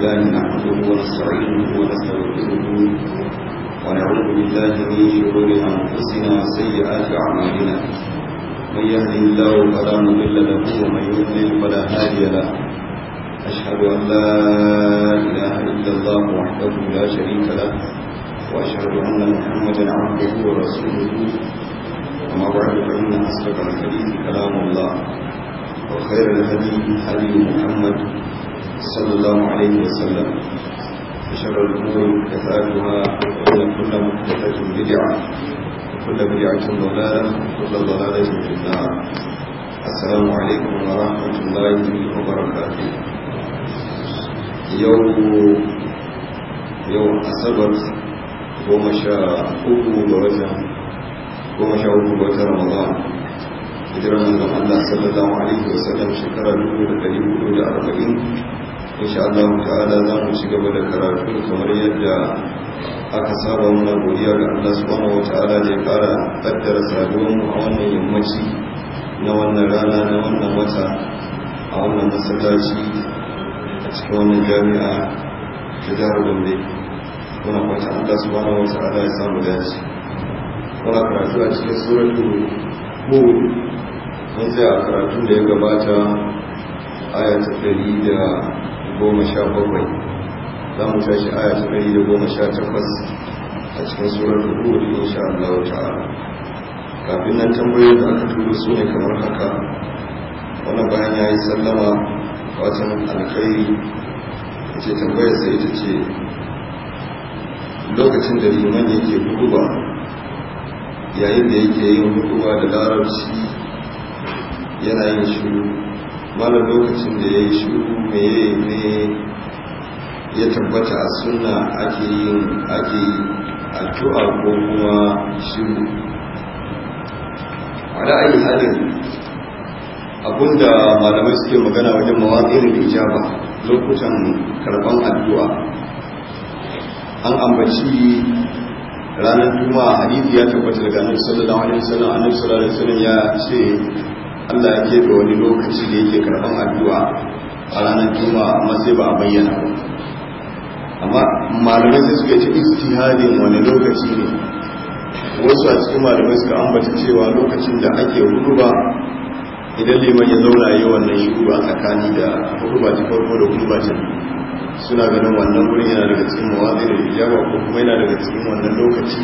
بالله نحمده ونستعينه ونستغفره ونعوذ بالله من شرور انفسنا وسيئات اعمالنا من يهده الله فلا مضل له ومن يضلل فلا هادي له اشهد ان لا اله الا الله وحده لا شريك له واشهد ان محمدا عبده ورسوله وما بعد فان اصدق الحديث كلام الله وخير الهدي هدي محمد صلى الله عليه وسلم بشر الأمور مكتثاتها وإن كل مكتثة بدعة وكل بدعة ضلالة وكل ضلالة في النار السلام عليكم ورحمة الله وبركاته يوم يوم السبت ومشى شاء أبو بوزة ومشى شاء أبو بوزة رمضان إذا أن الله صلى الله عليه وسلم شكرا له لكريم كل أربعين insha Allah ta'ala za mu ci gaba da karatu kamar yadda aka saba wannan godiya ga Allah subhanahu wa ta'ala da ya fara kaddara saduwar mu a wannan yammaci na wannan rana na wannan wata a wannan masallaci a cikin wannan jami'a ta jihar Gombe muna fata Allah subhanahu wa ta'ala ya samu dace muna karatu a cikin suratul Hud mun tsaya karatu da ya gabata aya ta goma sha bakwai za mu tashi aya ta ɗari da goma sha takwas a cikin surar hudu insha Allah ta'ala kafin nan tambayoyin da aka turo su ne kamar haka wannan bayan ya yi sallama watan alkhairi ce tambayar sai ta ce lokacin da liman yake hukuba yayin da yake yin hukuba da larabci yana yin shiru malam lokacin da ya yi shiru meye ne ya tabbata a suna ake yin ake addu'a ko kuma shiru a ra'ayi halin abinda malamai suke magana wajen mawaƙirin ijaba lokutan karɓar addu'a an ambaci ranar juma'a hadisi ya tabbata daga annabi sallallahu alaihi wasallam annabi sallallahu alaihi wasallam ya ce Allah ya keɓe wani lokaci da yake karɓar addu'a a ranar juma amma sai ba a bayyana ba amma malamai sai suka ce istihadin wani lokaci ne wasu a cikin malamai suka ambata cewa lokacin da ake ba idan liman ya zauna yi wannan yi a tsakani da ba ta farko da ba ta suna ganin wannan wurin yana daga cikin mawazin da ijaba ko kuma yana daga cikin wannan lokaci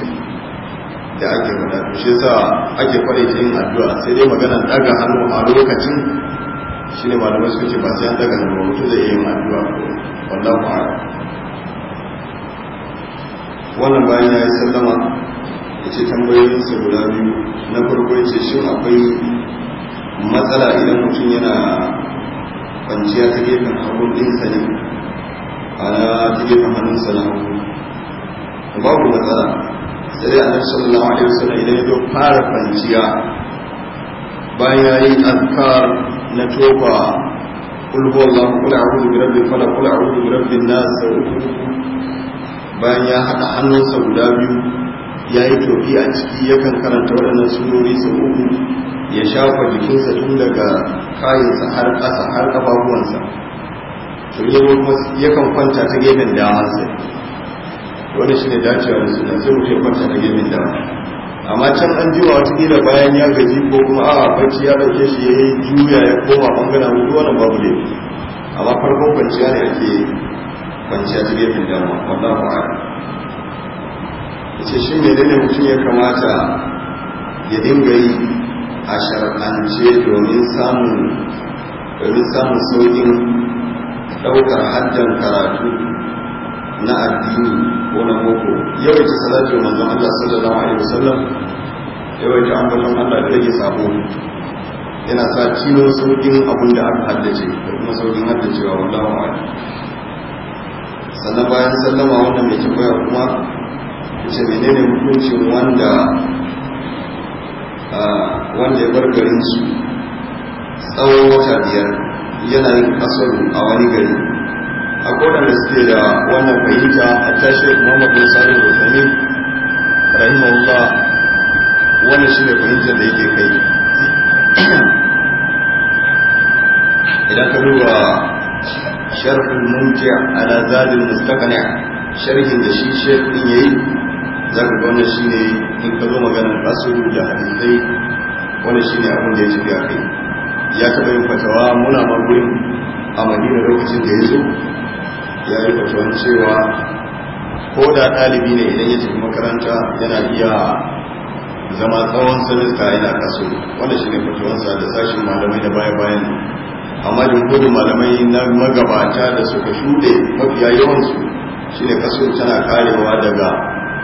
da ake faɗa shi yasa ake farita yin addu'a sai dai magana daga hannu a lokacin shi ne malamai suka ce ba sai an daga hannu mutum zai yin addu'a wannan a'lam wannan bayan ya yi sallama ya ce tambayoyin sa guda biyu na farko ya ce shin akwai matsala idan mutum yana kwanciya ta gefen hagun sa ne a ta gefen sa na babu matsala da zai annabi sallallahu alaihi wasallam idan ya fara kwanciya bayan ya yi azkar na toba kul huwa allah kul a'udhu bi rabbil falaq kul a'udhu bi rabbin nas bayan ya hada hannunsa guda biyu ya yi tofi a ciki yakan karanta waɗannan surori sau uku ya shafa jikinsa tun daga kayansa har ƙasa har ƙafafuwansa to yakan kwanta ta gefen damansa wani shi ne dacewa da sai mutum kwanta da gemin da amma can an ji wa watakila bayan ya gaji ko kuma a bacci ya ɗauke shi ya yi juya ya koma bangana hudu wannan babu ne amma farkon kwanciya ne ake kwanciya ta gemin wanda ba a ce shi mai dane mutum ya kamata ya dinga yi a shar'ance domin samun domin samun sauƙin ɗaukar hajjan karatu na addini ko na boko yawaita salatu manzon Allah sallallahu alaihi wasallam yawaita bata Allah da rage sabo yana sa kilo saukin abin da aka haddace da kuma saukin wa wallahu a'lam sannan bayan sallama wanda mai tambaya kuma ce menene hukuncin wanda ah, wanda ya bar garin su tsawon wata biyar yana yin kasaru a wani gari a kodar da suke da wannan fahimta a tashi muhammad bin salim rukami rahimahullah wannan shi ne fahimtar da yake kai idan ka duba sharhul mumti ala zadil mustaqni sharhin da shi ya yayi zaka ga wannan shine in ka zo magana asulu da hadisai wannan shine abin da ya tafi a kai ya taba yin fatawa muna ma a madina lokacin da ya zo ya yi batun cewa ko da ɗalibi ne idan ya tafi makaranta yana iya zama tsawon sanista yana kaso wanda shi ne da sashen malamai da baya-bayan amma gudun malamai na magabata da suka shuɗe mafiya yawansu shi ne kaso tana karewa daga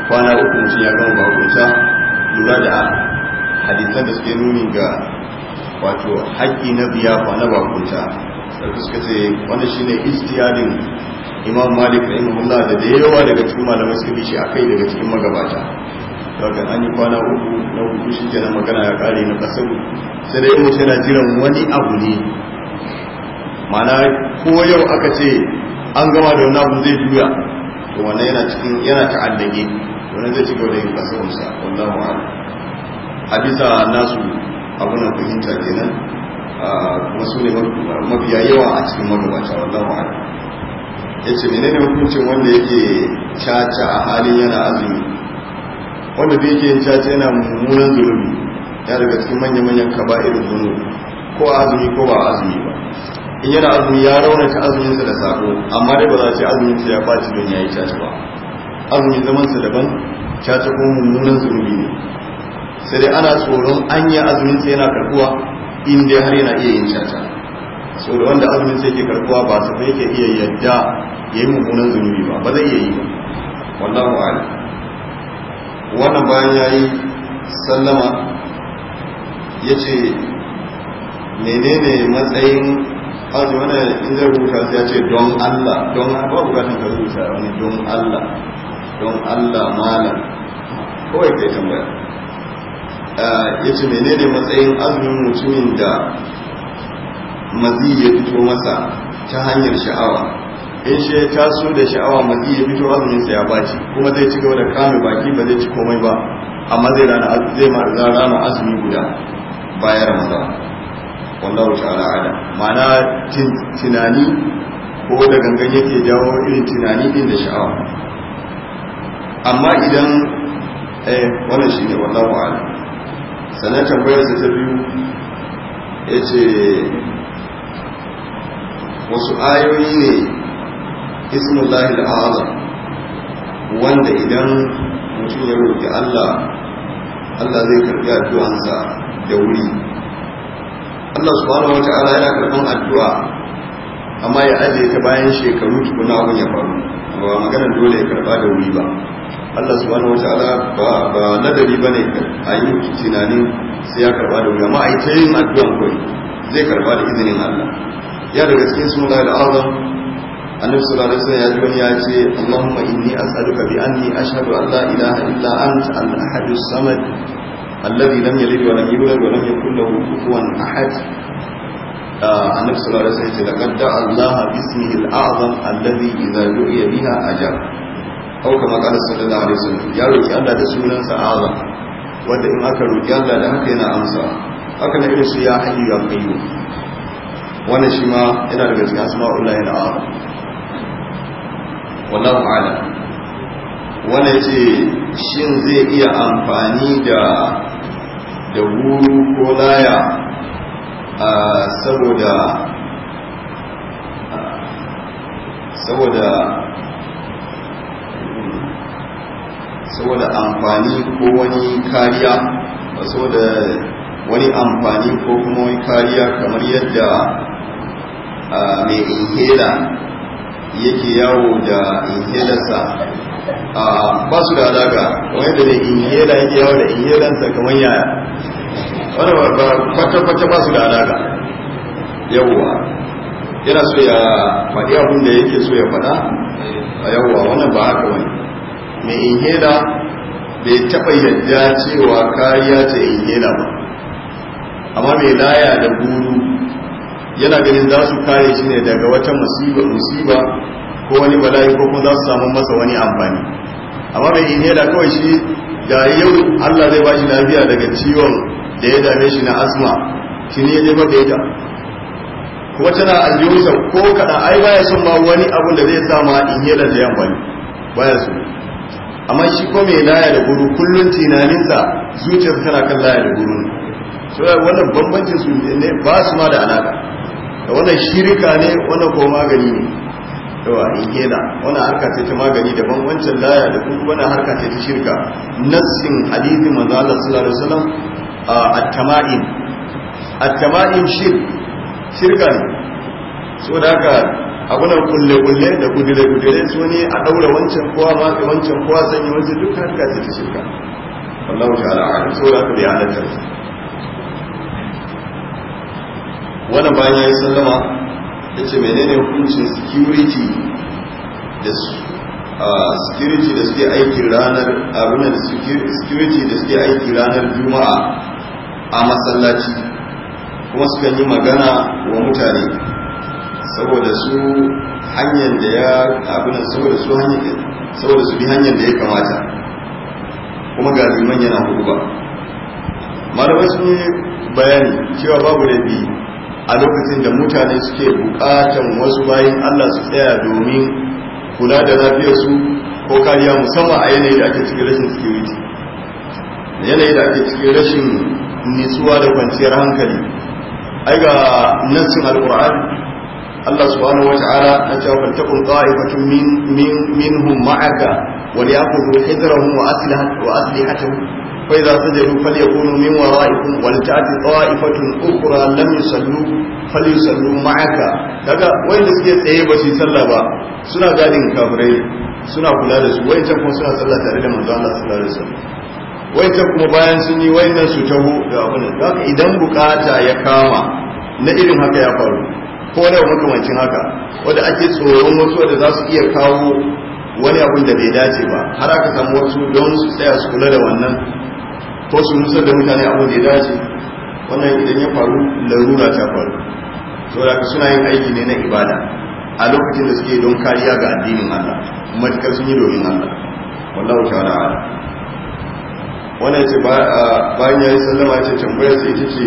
kwana hukunci ya gama bakunta lura da hadisan da suke nuni ga wato haƙƙi na biyafa na bakunta da suka ce wanda shi ne istiyadin imam malik rahimahullah da da yawa daga cikin malamai sun bi shi kai daga cikin magabata daga an yi kwana uku na hudu shi kenan magana ya kare na kasar sai dai mutum yana jiran wani abu ne mana ko yau aka ce an gama da wani abu zai juya to wannan yana cikin yana ta'addage wannan zai ci gaba da yin kasar sa wallahu a'lam hadisa nasu abuna fahimta kenan a wasu ne mafiya yawa a cikin magabata wallahu a'lam ya ce menene hukuncin wanda yake caca a halin yana azumi wanda bai ke yin caca yana mummunan zunubi ya daga cikin manya-manyan irin zunubi ko azumi ko ba azumi ba in yana azumi ya raunata azuminsa da sako amma dai ba za ce azuminsa ya ɓaci don ya yi caca ba azumi zamansa daban caca ko mummunan zunubi ne sai dai ana tsoron yi azuminsa yana karkuwa in dai har yana iya yin caca so da wanda azumin sai ke karkuwa ba su kai ke iya yadda ya yi mummunan zunubi ba ba zai iya yi ba Wannan a'lam wannan bayan ya yi sallama ya ce menene matsayin azumin wani in zai rubuta sai ya ce don Allah don ba bukatun ka rubuta wani don Allah don Allah malam kawai kai tambaya ah, ya ce menene matsayin azumin mutumin da mazi ya fito masa ta hanyar sha'awa in shi ya taso da sha'awa mazi ya fito azumin sa ya baci kuma zai ci gaba da kame baki ba zai ci komai ba amma zai rana zai ma rana azumi guda bayan ramadan wallahu ta'ala adam ma'ana tunani ko da gangan yake jawo irin tunani din da sha'awa amma idan eh wannan shine wallahu a'lam sanata tambayar sa ta biyu yace wasu ayoyi ne ismullahi al'azam wanda idan mutum ya roƙi Allah Allah zai karɓi addu'ansa da wuri Allah subhanahu wata'ala ya karɓan addu'a amma ya ajiye ta bayan shekaru tukuna abin ya faru ba maganar dole ya karɓa da wuri ba Allah subhanahu wata'ala ba ba ladabi bane a yi tunanin sai ya karɓa da wuri amma a yi ta yin addu'an kawai zai karɓa da izinin Allah ya daga cikin suna da azam annabi sallallahu alaihi wasallam ya ji wani ya ce Allahumma inni as'aluka bi ni a an la ilaha illa anta al-ahad as-samad Allabi lam yalid wa wani yulad wa lam yakul lahu kufuwan ahad ah, annabi sallallahu alaihi wasallam ya ce laqad da'a Allah bismihi al-a'zam alladhi idha du'iya biha ajab aw kama qala sallallahu alaihi wasallam ya roki Allah da sunansa azam wanda in aka roki Allah da haka yana amsa haka na irin su ya hayyu ya qayyum wannan shi ma yana gaske cikin asma'ullahi na aro wallahu ala wannan ce shin zai iya amfani da da wuru ko laya saboda saboda saboda amfani ko wani kariya saboda wani amfani ko kuma wani kariya kamar yadda mai inhela yake yawo da inhelarsa ba su da alaka wani da inhela yake yawo da inhelarsa kamar yaya wani ba kwata-kwata ba su da alaka yawwa yana so ya faɗi abin da yake so ya faɗa a yawwa wani ba haka wani mai inhela bai taɓa yadda cewa kariya ta inhela ba amma mai laya da buru yana ganin za su kare shi ne daga wata musiba musiba ko wani bala'i ko kuma za su samu masa wani amfani amma bai yi da kawai shi da yau Allah zai ba shi lafiya daga ciwon da ya dame shi na asma shi ne ya da ita kuma tana aljihunsa ko kaɗan ai baya son ma wani abun da zai sa ma inhela da yan bani baya su amma shi ko mai laya da guru kullum tunaninsa zuciyarsa tana kan laya da guru ne so wannan bambancin su ne ba su ma da alaka da wannan shirka ne wannan ko magani ne yawa in gela wannan harka ce ta magani daban wancan laya da kuma wannan harka ce ta shirka nassin hadithin manzo Allah sallallahu alaihi wasallam at-tama'in at-tama'in shirk shirka ne da haka abuna kulle-kulle da gudure-gudure so ne a daura wancan kowa ma wancan kowa sanya wancan duk harka ce ta shirka Allahu ta'ala a saboda ka da ya halatta wannan bayan ya yi sallama ya ce menene hukuncin security da security da suke aiki ranar abin da security da suke aiki ranar juma'a a masallaci kuma suka yi magana wa mutane saboda su hanyar da ya abin saboda su hanyar saboda su bi hanyar da ya kamata kuma ga liman yana hudu ba malamai sun yi bayani cewa babu da biyu a lokacin da mutane suke bukatan wasu bayan Allah su tsaya domin kula da lafiyarsu ko kariya musamman a yanayi da ake cikin rashin security yanayi da ake cikin rashin nitsuwa da kwanciyar hankali ai ga nassin alquran Allah subhanahu wa ta'ala na cewa faltakun ta'ifatun min min minhum ma'aka wa liyakhudhu hidrahum wa aslihatuhum فإذا سجدوا فليكونوا من ورائكم ولتأت طائفة أخرى لم يصلوا فليصلوا معك kaga wanda suke tsaye ba su yi sallah ba suna gadin kafirai suna kula da su kuma suna sallah tare da manzo Allah sallallahu alaihi wasallam wayancan kuma bayan sun yi wayannan su taho da abin da idan bukata ya kama na irin haka ya faru ko da haka ake da za iya kawo wani abin da bai dace ba har aka samu wasu don su tsaya su kula da wannan ko su nusar da mutane abin da ya dace wannan idan ya faru larura ta faru saboda da suna yin aiki ne na ibada a lokacin da suke don kariya ga addinin Allah matukar sun yi domin Allah wallahu ta'ala wannan ce bayan ya yi sallama ce tambayar sai ta ce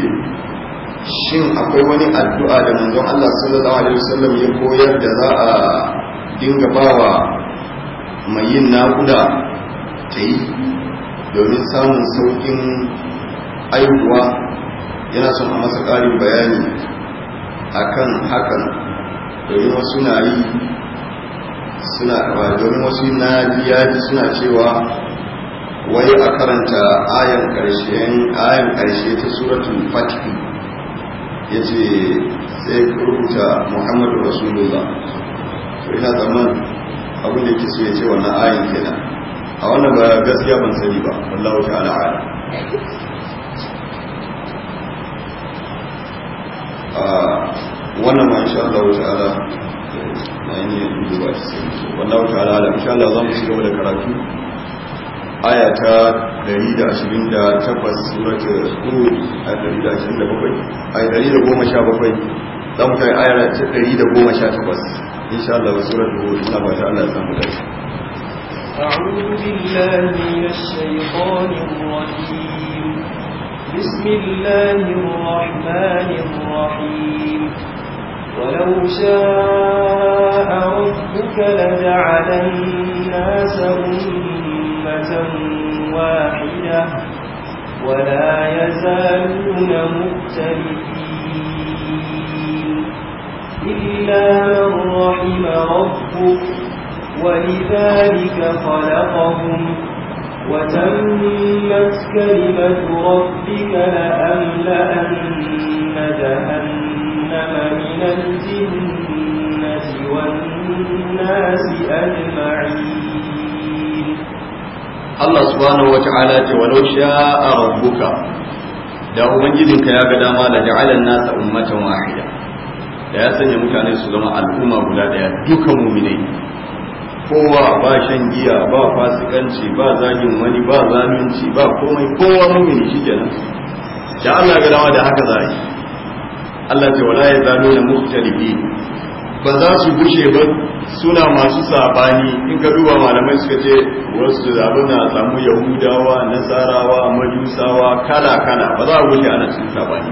shin akwai wani addu'a da manzon Allah sallallahu alaihi wasallam ya koyar da za a dinga bawa mai yin naƙuda ta yi domin samun saukin aihuwa yana son a masa ƙarin bayani a kan hakan domin wasu na yi suna domin wasu na suna cewa wai a karanta ayan ƙarshen ayan ƙarshe ta suratun fatiki ya ce sai rubuta muhammadu rasulullah to ina zaman abin da ke so ya ce wannan ayin kenan a wannan ba gaskiya ban sani ba wallahu ta'ala ala wannan ma insha Allah ta'ala na yi niyyar duba shi sai wallahu ta'ala ala insha Allah za mu da karatu aya ta 128 suratul hud a 127 ay 117 za kai aya ta 118 insha Allah suratul hud ina ba ta Allah ya samu dace أعوذ بالله من الشيطان الرجيم بسم الله الرحمن الرحيم ولو شاء ربك لجعل الناس أمة واحدة ولا يزالون مختلفين إلا من رحم ربك ولذلك خلقهم وتمت كلمة ربك لأملأن جهنم من الجنة والناس أجمعين الله سبحانه وتعالى ولو شاء ربك da ka ya ga dama da ja'alan nasa ummatan wahida da ya sanya mutane su zama al'umma guda daya duka muminai kowa ba shan giya ba fasikanci ba zagin wani ba zalunci ba komai kowa mumini shikenan da Allah ga dawa da haka za yi Allah ce wala ya zalo na muhtalifi ba za su gushe ba suna masu sabani in ka duba malamai suka ce wasu zaɓi na samu yahudawa nasarawa majusawa kala kala ba za a gushe ana cikin sabani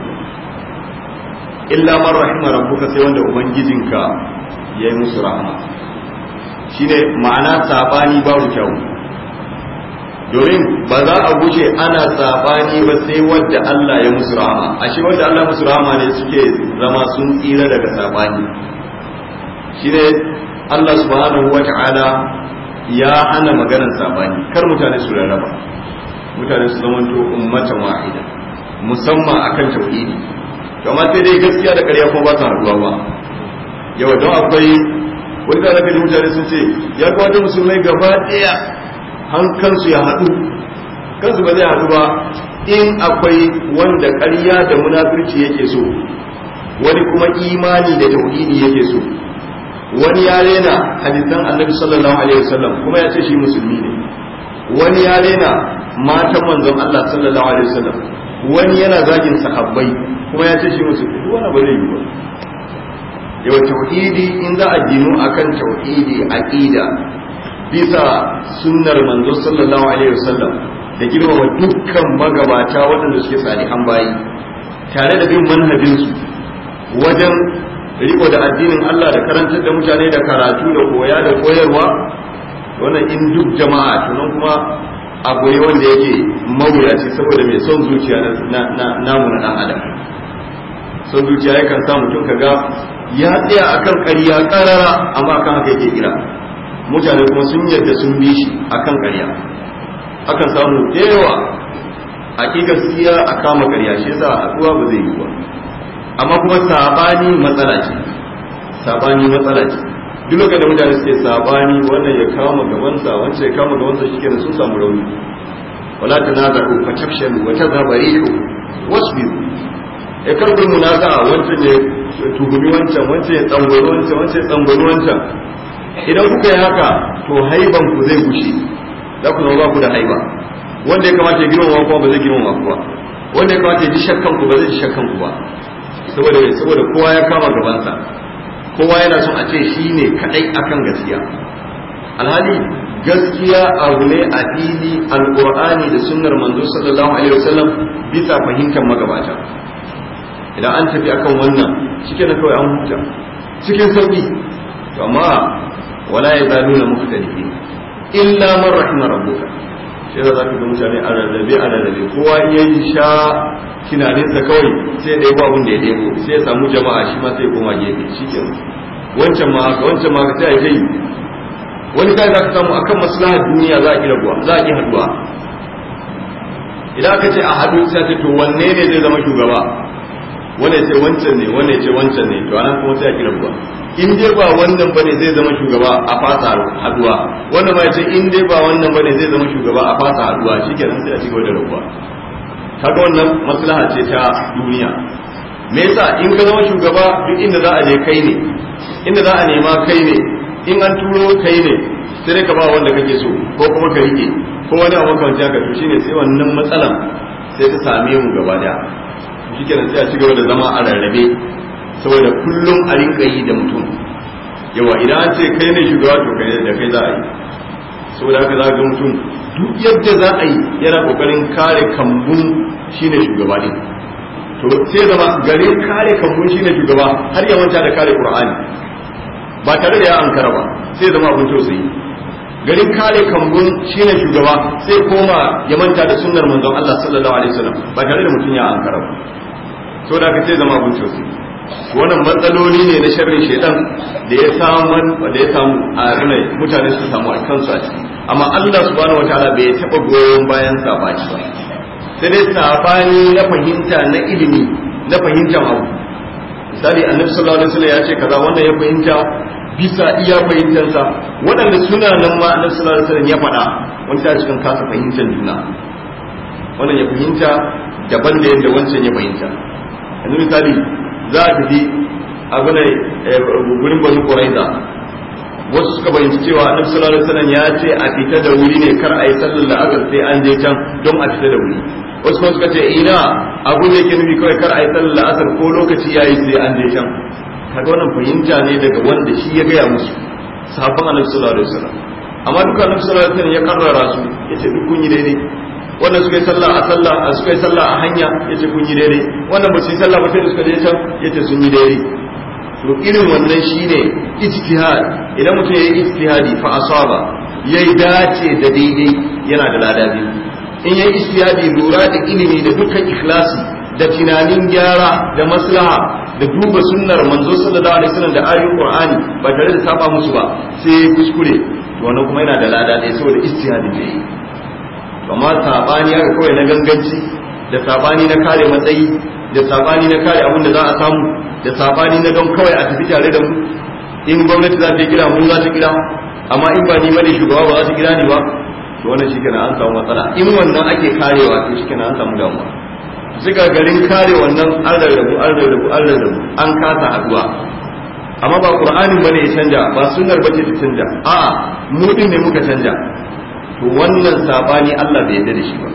illa man rahima rabbuka sai wanda ubangijinka ya yi musu rahama shine ma'ana sabani babu kyau domin ba za a guje ana sabani ba sai wadda Allah ya musu rahama ashe wadda Allah musu rahama ne suke zama sun tsira daga sabani shine Allah subhanahu wata'ala ya hana maganar sabani kar mutane su rarraba mutane su to ummatan wahida musamman akan tauhidi kamar sai dai gaskiya da ƙarya ko ba ta haɗuwa ba yau don akwai wani da zaka mutane sun ce ya kwata musulmai gaba daya hankansu ya haɗu kansu ba zai haɗu ba in akwai wanda ƙarya da munafirci yake so wani kuma imani da tauhidi yake so wani ya rena hadisan annabi sallallahu alaihi wasallam kuma ya ce shi musulmi ne wani ya rena matan manzon Allah sallallahu alaihi wasallam wani yana zagin sahabbai kuma ya ce shi musulmi wani ba zai yi ba yau tauhidi in za a ginu akan tauhidi aqida bisa sunnar manzo sallallahu alaihi wasallam da girmama dukkan magabata waɗanda suke salihan bayi tare da bin manhajinsu wajen riko da addinin Allah da karantar da mutane da karatu da koya da koyarwa wannan in duk jama'a tunan kuma a wanda yake mawuyaci saboda mai son zuciya na namu na adam son zuciya yakan sa mutum kaga ya tsaya akan ƙarya ƙarara amma akan haka yake kira mutane kuma sun yarda sun bi shi akan ƙarya akan samu da yawa hakikar siya a kama ƙarya shi yasa haɗuwa ba zai yi ba amma kuma sabani matsala ce sabani matsala ce duk lokacin da mutane suke sabani wannan ya kama gabansa wancan ya kama gabansa shi kenan sun samu rauni wala tanazaru fa tafshalu wa tadhhabu rihu wasbiru ya eh, karɓar munaka wancan ya tuhumi wancan wancan ya tsangwari wancan wancan ya tsangwari wancan idan kuka yi haka to haiban ku zai gushi za ku zama ku da haiba wanda ya kamata ya girmama kuma ba zai girmama ba wanda ya kamata ya ji shakkan ku ba zai ji shakkan ku ba saboda saboda kowa ya kama gabansa kowa yana son a ce shi ne kadai akan gaskiya alhali gaskiya abu ne a fili alqur'ani da sunnar manzo sallallahu alaihi wasallam bisa fahimtar magabata idan an tafi akan wannan cike na kawai an huta cikin sauki amma wala ya zalu na muhtalifi illa man rahima rabbuka sai da zaka ga mutane a rarrabe a rarrabe kowa iya yi sha tunanin sa kawai sai ɗaya ba abin da ya ɗebo sai ya samu jama'a shi ma sai ya koma gefe ke wancan ma haka wancan ma haka sai a kai wani kai zaka samu akan maslaha duniya za a ƙi rabuwa za a ƙi haduwa idan aka ce a haɗu sai to wanne ne zai zama shugaba Wani ya ce wancan ne wani ya ce wancan ne to anan kuma sai a kira ba in dai ba wannan bane zai zama shugaba a fasa haduwa wannan ba ya ce in dai ba wannan bane zai zama shugaba a fasa haduwa shikenan sai a ci gaba da rabuwa kaga wannan maslaha ce ta duniya me yasa in ka zama shugaba duk inda za a je kai ne inda za a nema kai ne in an turo kai ne sai dai ka ba wanda kake so ko kuma ka rike ko wani abu kan ka to shine sai wannan matsalan sai ta same mu gaba daya shi kenan sai a ci gaba da zama a rarrabe saboda kullum a rinka yi da mutum yawa idan an ce kai ne shugaba to kai da kai za a yi saboda haka za ga mutum duk yadda za a yi yana kokarin kare kambun shine shugaba ne to sai zama gare kare kambun shine shugaba har ya manta da kare qur'ani ba tare da ya ankara ba sai zama abin tausayi garin kare kambun shine shugaba sai koma ya manta da sunnar manzon Allah sallallahu alaihi wasallam ba tare da mutum ya ankara ba so da ka zama abin coci wannan matsaloli ne na sharri shedan da ya samu da ya samu a rinai mutane su samu a kansu a ciki amma Allah subhanahu wataala bai taba goyon bayan sa ba sai dai sabani na fahimta na ilimi na fahimtar ma misali annabi sallallahu alaihi wasallam ya ce kaza wanda ya fahimta bisa iya fahimtansa waɗanda suna nan ma annabi sallallahu alaihi wasallam ya faɗa wanda ta cikin kasa fahimtar juna wannan ya fahimta daban da yadda wancan ya fahimta yanzu misali za a tafi abin eh, gurin banu quraiza wasu suka bayyanci cewa annabi sallallahu alaihi wasallam ya ce a fita da wuri ne kar a yi sallar la'azar sai an je can don a fita da wuri wasu kuma suka ce ina abu ne yake nufi kawai kar a yi sallar la'azar ko lokaci ya yi sai an je can kaga wannan fahimta ne daga wanda shi ya gaya musu sahabban annabi sallallahu alaihi wasallam amma duka annabi sallallahu alaihi wasallam ya karrara su ya ce duk kun yi daidai wannan suka yi sallah a sallah suka yi sallah a hanya ce kun yi daidai wannan ba su yi sallah ba sai suka je can ya ce sun yi daidai to irin wannan shine ijtihad idan mutum ya yi ijtihadi fa asaba yi dace da daidai yana da lada biyu in yayi ijtihadi lura da ilimi da dukkan ikhlasi da tunanin gyara da maslaha da duba sunnar manzo sallallahu alaihi wasallam da ayoyin qur'ani ba tare da saba musu ba sai kuskure to wannan kuma yana da lada saboda ijtihadi da amma sabani haka kawai na ganganci da sabani na kare matsayi da sabani na kare abin da za a samu da sabani na don kawai a tafi tare da mu in gwamnati za ta kira mu za ta kira amma in ba ni ne shugaba ba za ta kira ni ba to wannan kenan an samu matsala in wannan ake karewa to kenan an samu damuwa suka garin kare wannan an rarrabu an rarrabu an rarrabu an kasa haduwa amma ba qur'anin bane ya canja ba sunnar bace ta canja a'a mu din ne muka canja to wannan sabani Allah bai yarda da shi ba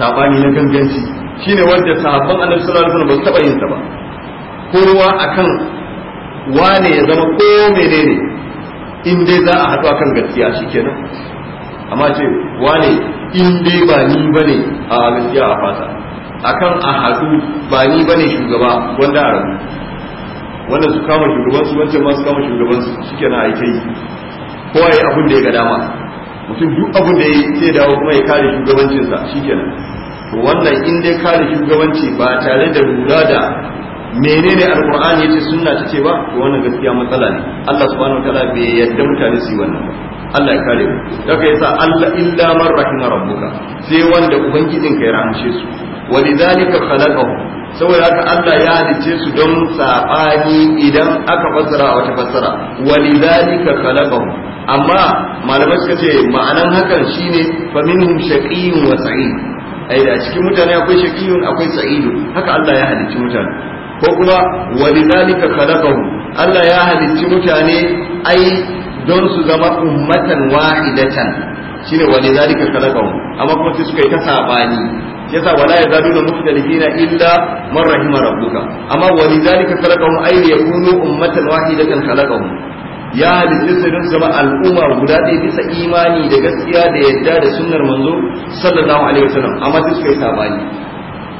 sabani na ganganci shine wanda sahabban Annabi sallallahu alaihi wasallam ba taba yin sa ba kowa akan wane ya zama ko menene in dai za a haɗu akan gaskiya shikenan amma ce wane in dai ba ni bane a gaskiya a fata akan a haɗu ba ni bane shugaba wanda a rabu wanda su kama shugaban su wancan ma su kama shugaban su shikenan a yi ta yi kowa ya abin da ya ga dama mutum duk abin da ya sai dawo kuma ya kare shugabancinsa shikenan to wannan in dai kare shugabanci ba tare da lura da menene alqur'ani yace sunna ta ce ba to wannan gaskiya matsala ne Allah subhanahu wataala bai yadda mutane su yi wannan ba Allah ya kare mu daga yasa Allah illa man rahima rabbuka sai wanda ubangijin ka ya rahamshe su lidhalika khalaqahu saboda haka Allah ya halice su don sabani idan aka fassara a wata fassara lidhalika khalaqahu amma malamai suka ce ma'anan hakan shine fa minhum shaqiyyun wa sa'id ai da cikin mutane akwai shaqiyyun akwai sa'id haka Allah ya halicci mutane ko kuma walidalika khalaqahum Allah ya halicci mutane ai don su zama ummatan wahidatan shine walidalika khalaqahum amma kuma su kai yi ta sabani yasa wala da mukhtalifina illa man rahima rabbuka amma walidalika khalaqahum ya yakunu ummatan wahidatan khalaqahum ya halitta su don zama al'umma guda ɗaya bisa imani da gaskiya da yadda da sunnar manzo sallallahu alaihi wasallam amma duk kai sabani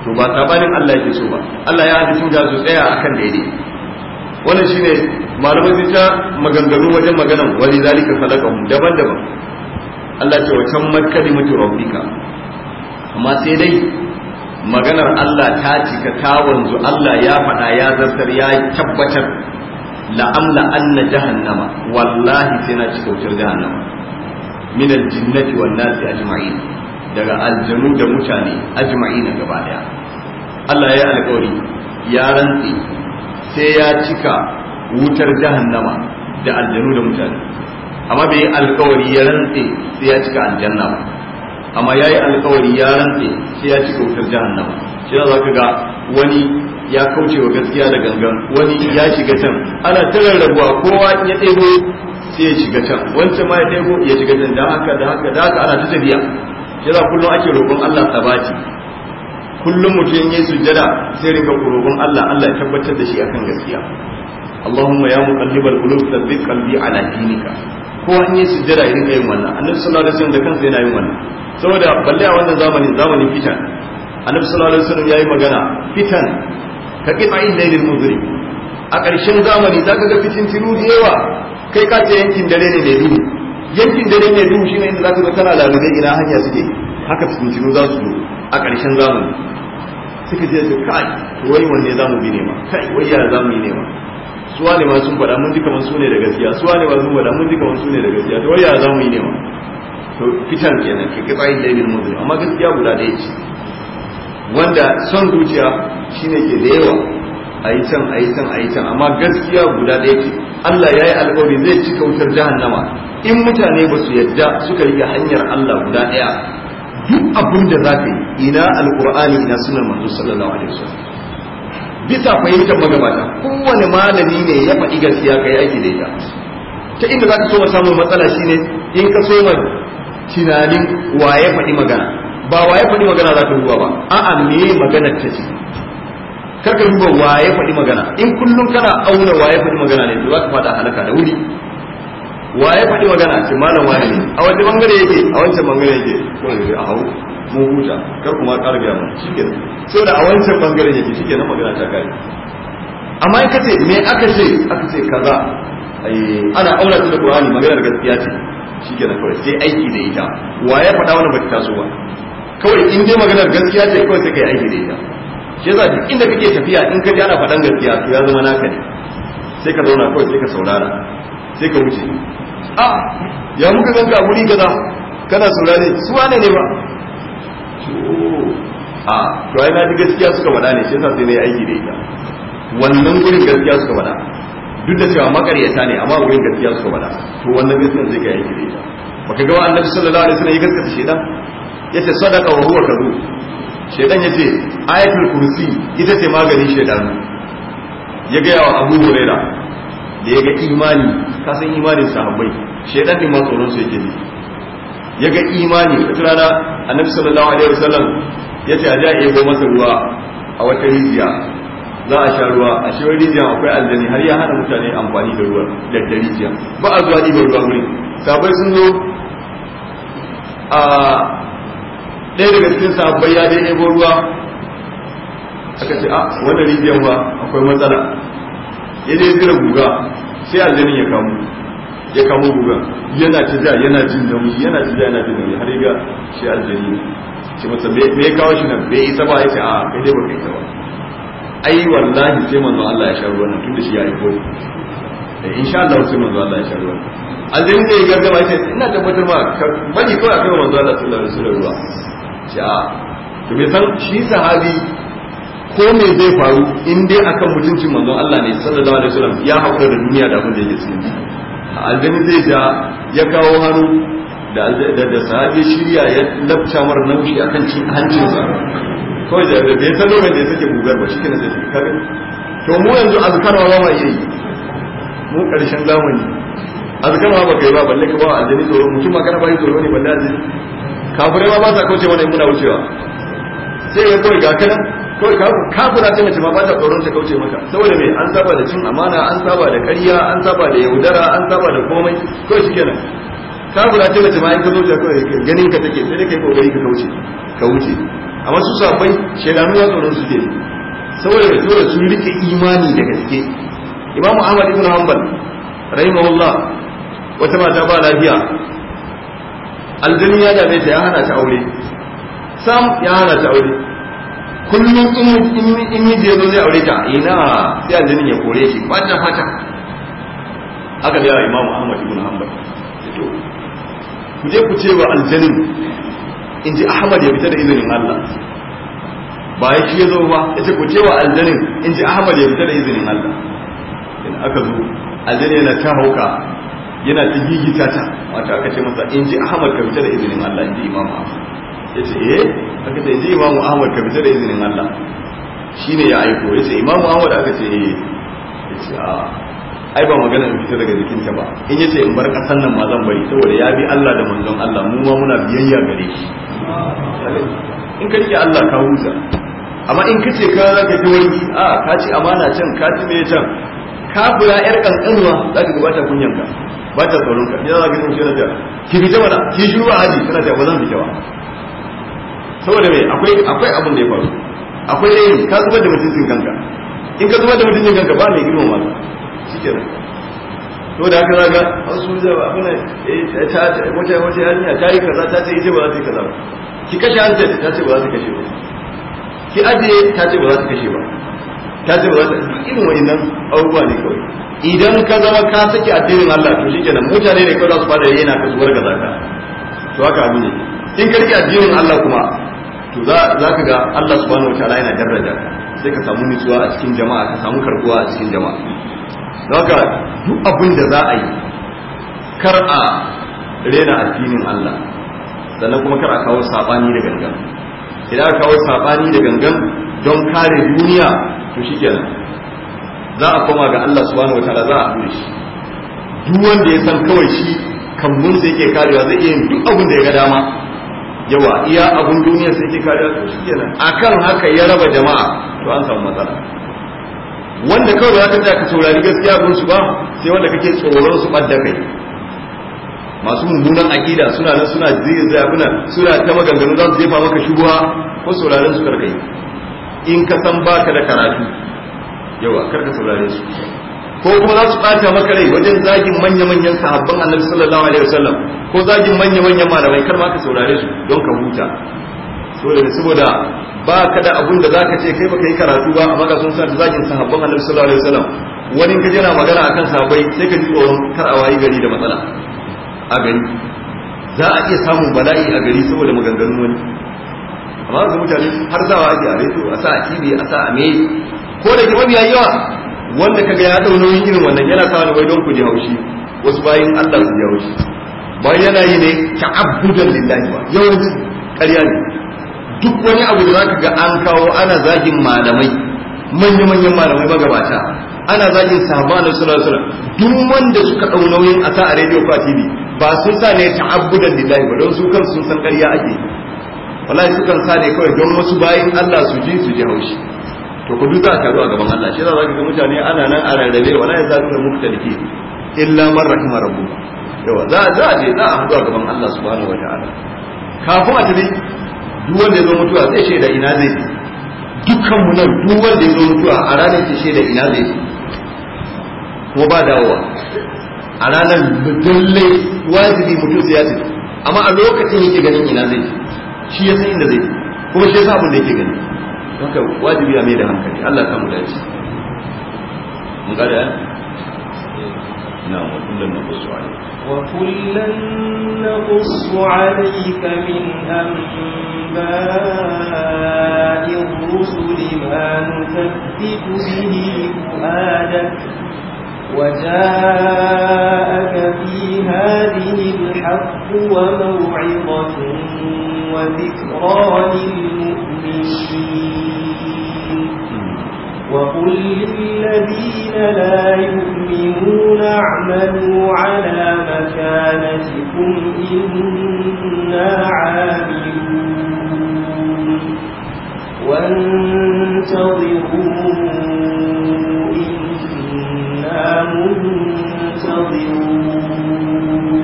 to ba sabanin Allah yake so ba Allah ya halitta da su tsaya akan daidai wannan shine malamin sun maganganu wajen maganan wali zalika salakahum daban-daban Allah ce wa can mutu rabbika amma sai dai maganar Allah ta cika ta wanzu Allah ya faɗa ya zartar ya tabbatar la'amla anna jahannama wallahi sai na ci kautar jahannama min aljinnati wan nasi ajma'in daga aljanu da mutane ajma'in gaba daya Allah ya alƙawari ya rantsi sai ya cika wutar jahannama da aljanu da mutane amma bai alƙawari ya rantsi sai ya cika aljanna ba amma yayi alƙawari ya rantsi sai ya cika wutar jahannama sai za ka ga wani ya kauce wa gaskiya da gangan wani ya shiga can ana tarar rabuwa kowa ya ɗebo sai ya shiga can wancan ma ya ɗebo ya shiga can da haka da haka da haka ana ta tafiya shi za kullum ake roƙon Allah sabati kullum mutum ya sujjada sai rinka roƙon Allah Allah ya tabbatar da shi akan gaskiya Allahumma ya muqallibal qulub tsabbit qalbi ala dinika ko an yi sujjada irin yin wannan annabi sallallahu alaihi wasallam da kansa yana yin wannan saboda balle a wannan zamanin zamanin fitan annabi sallallahu alaihi wasallam yayi magana fitan ka ƙi tsayin lailin muzuri a ƙarshen zamani za ka ga tilu da yawa kai ka ce yankin dare ne mai duhu yankin dare ne duhu shine inda za ka ga kana lalube ina hanya suke haka fitin tilu za su a ƙarshen zamani suka ce su kai wai wanne za mu bi nema kai wai ya za mu yi nema suwa ne ma sun faɗa mun ji kamar su ne da gaskiya suwa ne ma sun faɗa mun ji kamar su ne da gaskiya to wai ya za mu yi nema to fitan kenan ke kitsayin lailin muzuri amma gaskiya guda ɗaya ce wanda son zuciya shine ke da yawa a yi can a yi can a yi can amma gaskiya guda ɗaya ce Allah ya yi alƙawari zai ci kautar jahannama in mutane ba su yadda suka yi hanyar Allah guda ɗaya duk abin da za ka yi ina alƙur'ani ina sunan manzo sallallahu alaihi wasallam bisa fahimtar magabata kowane malami ne ya faɗi gaskiya kai aiki da ita ta inda za ka so samun matsala shine in ka so tunanin wa ya faɗi magana ba waye faɗi magana za ka ruwa ba a'a me maganar ta ce kar ka waye wa faɗi magana in kullum kana auna waye faɗi magana ne to za ka fada halaka da wuri waye faɗi magana ce malam waye ne a wancan bangare yake a wancan bangare yake kuma ne a hau mun huta kar kuma ƙara gaya mun So saboda a wancan bangare yake na magana ta kai. amma in kace me aka ce aka ce kaza ana aura ta da Qur'ani maganar gaskiya ce na kawai sai aiki da ita waye ya faɗa wani bata so ba kawai in dai maganar gaskiya ce kawai sai kai aiki da ita shi yasa duk inda kake tafiya in ka ji ana faɗan gaskiya to ya zama naka ne sai ka zauna kawai sai ka saurara sai ka wuce a ya muka ganka a wuri kaza kana saurare su wane ne ba a to ai na ji gaskiya suka faɗa ne shi yasa sai na yi aiki da ita wannan gurin gaskiya suka faɗa duk da cewa makaryata ne amma gurin gaskiya suka faɗa to wannan gaskiya zai kai aiki da ita baka ga annabi sallallahu alaihi wasallam ya gaskata shedan yace sadaka wa huwa kadu shedan yace ayatul kursi ita ce maganin shedan ya ga yawa abu huraira da ya ga imani ka san imanin sahabbai shedan din ma tsoron su yake ne ya ga imani wata rana annabi sallallahu alaihi wasallam yace a ja go masa ruwa a wata rijiya za a sha ruwa a shewar rijiya akwai aljani har ya hana mutane amfani da ruwa da da rijiya ba a zuwa ɗibar ruwa wurin sabai sun zo a ɗaya daga cikin sahabbai ya dai ɗebo ruwa aka ce a ah, wannan rijiyar ba akwai matsala ya dai zira guga sai aljanin ya kamo ya kamu guga yana ta ja yana jin nauyi yana ta ja yana jin nauyi har ga shi aljani ce masa me ya kawo shi nan bai yi ba ya ce a ah, kai dai ba kai ta ba ai wallahi sai manzo Allah ya sha ruwa nan tunda shi ya yi aiko eh, in sha Allah sai manzo Allah ya sha ruwan aljani zai gargaba ya ce ina tabbatar ma bari kawai akai manzo Allah sallallahu alaihi wasallam ruwa ce to me san shi sahabi ko me zai faru in dai akan mutuncin manzon Allah ne sallallahu alaihi wasallam ya haƙura da duniya da abin da yake cikin aljani zai ja ya kawo hannu da da sahabi shirya ya labta mar nauyi akan cin sa kawai da da bai san lokacin da suke gugar ba shikenan sai su kare to mu yanzu azkarwa ba ma yi mu karshen zamani azkarwa ba kai ba balle ka ba aljani tsoro mutum magana ba yi tsoro ne balle aljani kafirai ma ba sa kauce wani in muna wucewa sai ya kawai ga kanan kawai kafura ce mace ma ba ta tsoron ta kauce maka saboda me an saba da cin amana an saba da ƙarya an saba da yaudara an saba da komai kawai shi kenan kafura ce mace ma in ka zoce ta kawai ganin ka take sai dai kai kokari ka kauce ka wuce amma su sabai shaidanu ya tsoron su ke saboda da tura sun rike imani da gaske imam ahmad ibn hanbal rahimahullah wata mata ba lafiya aljini ya dame ta ya hana ta aure sam ya hana ta aure kullum in miji ya zo zai aure ta ina sai aljinin ya kore shi fata fata aka biya imamu ahmad ibn hanbal to ku je ku ce wa aljinin in ji ahmad ya fita da izinin allah ba ya ke ya zo ba ya ce ku ce wa aljanin in ji ahmad ya fita da izinin allah in aka zo aljinin yana ta hauka yana ta gigita ta wato aka ce masa in ji ahmad ka fita da izinin allah in ji Imam ahmad ya ce eh aka ce in ji Imam ahmad ka fita da izinin allah shi ne ya aiko ya ce imamu ahmad aka ce eh ya ce a ah, ai ba magana in fita daga jikinta ba in ya ce in bar kasan nan ma zan bari saboda ya bi allah da manzon allah mu ma muna biyayya gare shi in ka rike allah ka huta amma in ka ce ka rage ta wani a ah, ka ci amana can ka ci me can kafura yar kankanuwa za ka gabata kunyan ka ba ta tsoron ka ya za ka gani na ta ki fita mana ki shiru ruwa haji kana ta wazan zan saboda me akwai akwai abin da ya faru akwai yayi ka zubar da mutuncin kanka in ka zubar da mutuncin kanka ba mai girma mata shikenan to da haka zaga an su da abin eh, ta wata wata yarinya ta yi kaza ta ce ita ba za ta yi kaza ba ki kashe hanta ta ce ba za ta kashe ba ki ajiye ta ce ba za ta kashe ba ka ce ba irin abubuwa ne kawai idan ka zama ka saki addinin Allah to shikenan mutane ne kawai za su fara yana na zuwar ga zaka to haka abu ne in ka rike addinin Allah kuma to za ka ga Allah subhanahu wataala yana daraja sai ka samu nutsuwa a cikin jama'a ka samu karbuwa a cikin jama'a don haka duk abin da za a yi kar a rena addinin Allah sannan kuma kar a kawo sabani da gangan idan aka kawo sabani da gangan don kare duniya to shikenan za a koma ga Allah subhanahu wataala za a haɗu shi duk wanda ya san kawai shi kambun sai yake karewa zai iya yin duk abin da ya ga dama yawa iya abun duniya sai yake karewa to shikenan akan haka ya raba jama'a to an samu matsala wanda kawai ba za ka tsaya ka saurari gaskiya abin su ba sai wanda kake tsoron su ɓadda kai masu mummunan akida suna nan suna zai muna suna ta maganganu za su jefa maka shubuwa ko sauraron su karkai in ka san baka da karatu yawa karka saurare su ko kuma za su ɓata maka rai wajen zagin manya-manyan sahabban annabi sallallahu alaihi wasallam ko zagin manya-manyan malamai kar ma ka saurare su don ka huta saboda ba ka da abun da za ka ce kai baka yi karatu ba amma ka sun san zagin sahabban annabi sallallahu alaihi wasallam wani ka jira magana akan sahabbai sai ka ji tsoron kar a wayi gari da matsala a gari za a iya samun bala'i a gari saboda maganganun wani amma wasu mutane har zawa ake a reto a sa a tv a sa a mai ko da ke mabiya yawa wanda kaga ya dau nauyin irin wannan yana sa wani wai don ku ji haushi wasu bayan Allah su ji haushi bayan yana yi ne ta'abbudan lillahi ba yawanci karya ne duk wani abu da zaka ga an kawo ana zagin malamai manya-manyan malamai magabata ana zagin sahabba na suna alaihi duk wanda suka dau nauyin a sa a rediyo ko a tv ba sun sa ne ta'abbudan lillahi ba don su kan sun san ƙarya ake wallahi su kan sa ne kawai don wasu bayin Allah su ji su ji haushi to ku duka ka zuwa gaban Allah shi za ka ga mutane ana nan a rarrabe wallahi za ka muktalifi illa man rahima rabbuka yawa za za a je za a haɗu a gaban Allah subhanahu wa ta'ala kafin a tafi duk wanda ya zo mutuwa zai shaida ina zai je dukkan mu nan duk wanda ya zo mutuwa a ranar ke shaida ina zai je kuma ba dawowa a ranar dalle wajibi mutum sai ya ce amma a lokacin yake ganin ina zai shi ya san inda zai kuma shi yasa abin da yake gani haka wajibi a mai da hankali Allah ta mu ci. mun ga na na'am wa kullun naqsu alayka wa kullun naqsu alayka min anba'i ar-rusuli ma nukaththibu bihi fu'adak وجاءك في هذه الحق وموعظة وذكرى للمؤمنين وقل للذين لا يؤمنون اعملوا على مكانتكم إنا عاملون وانتظروا لها منتظرون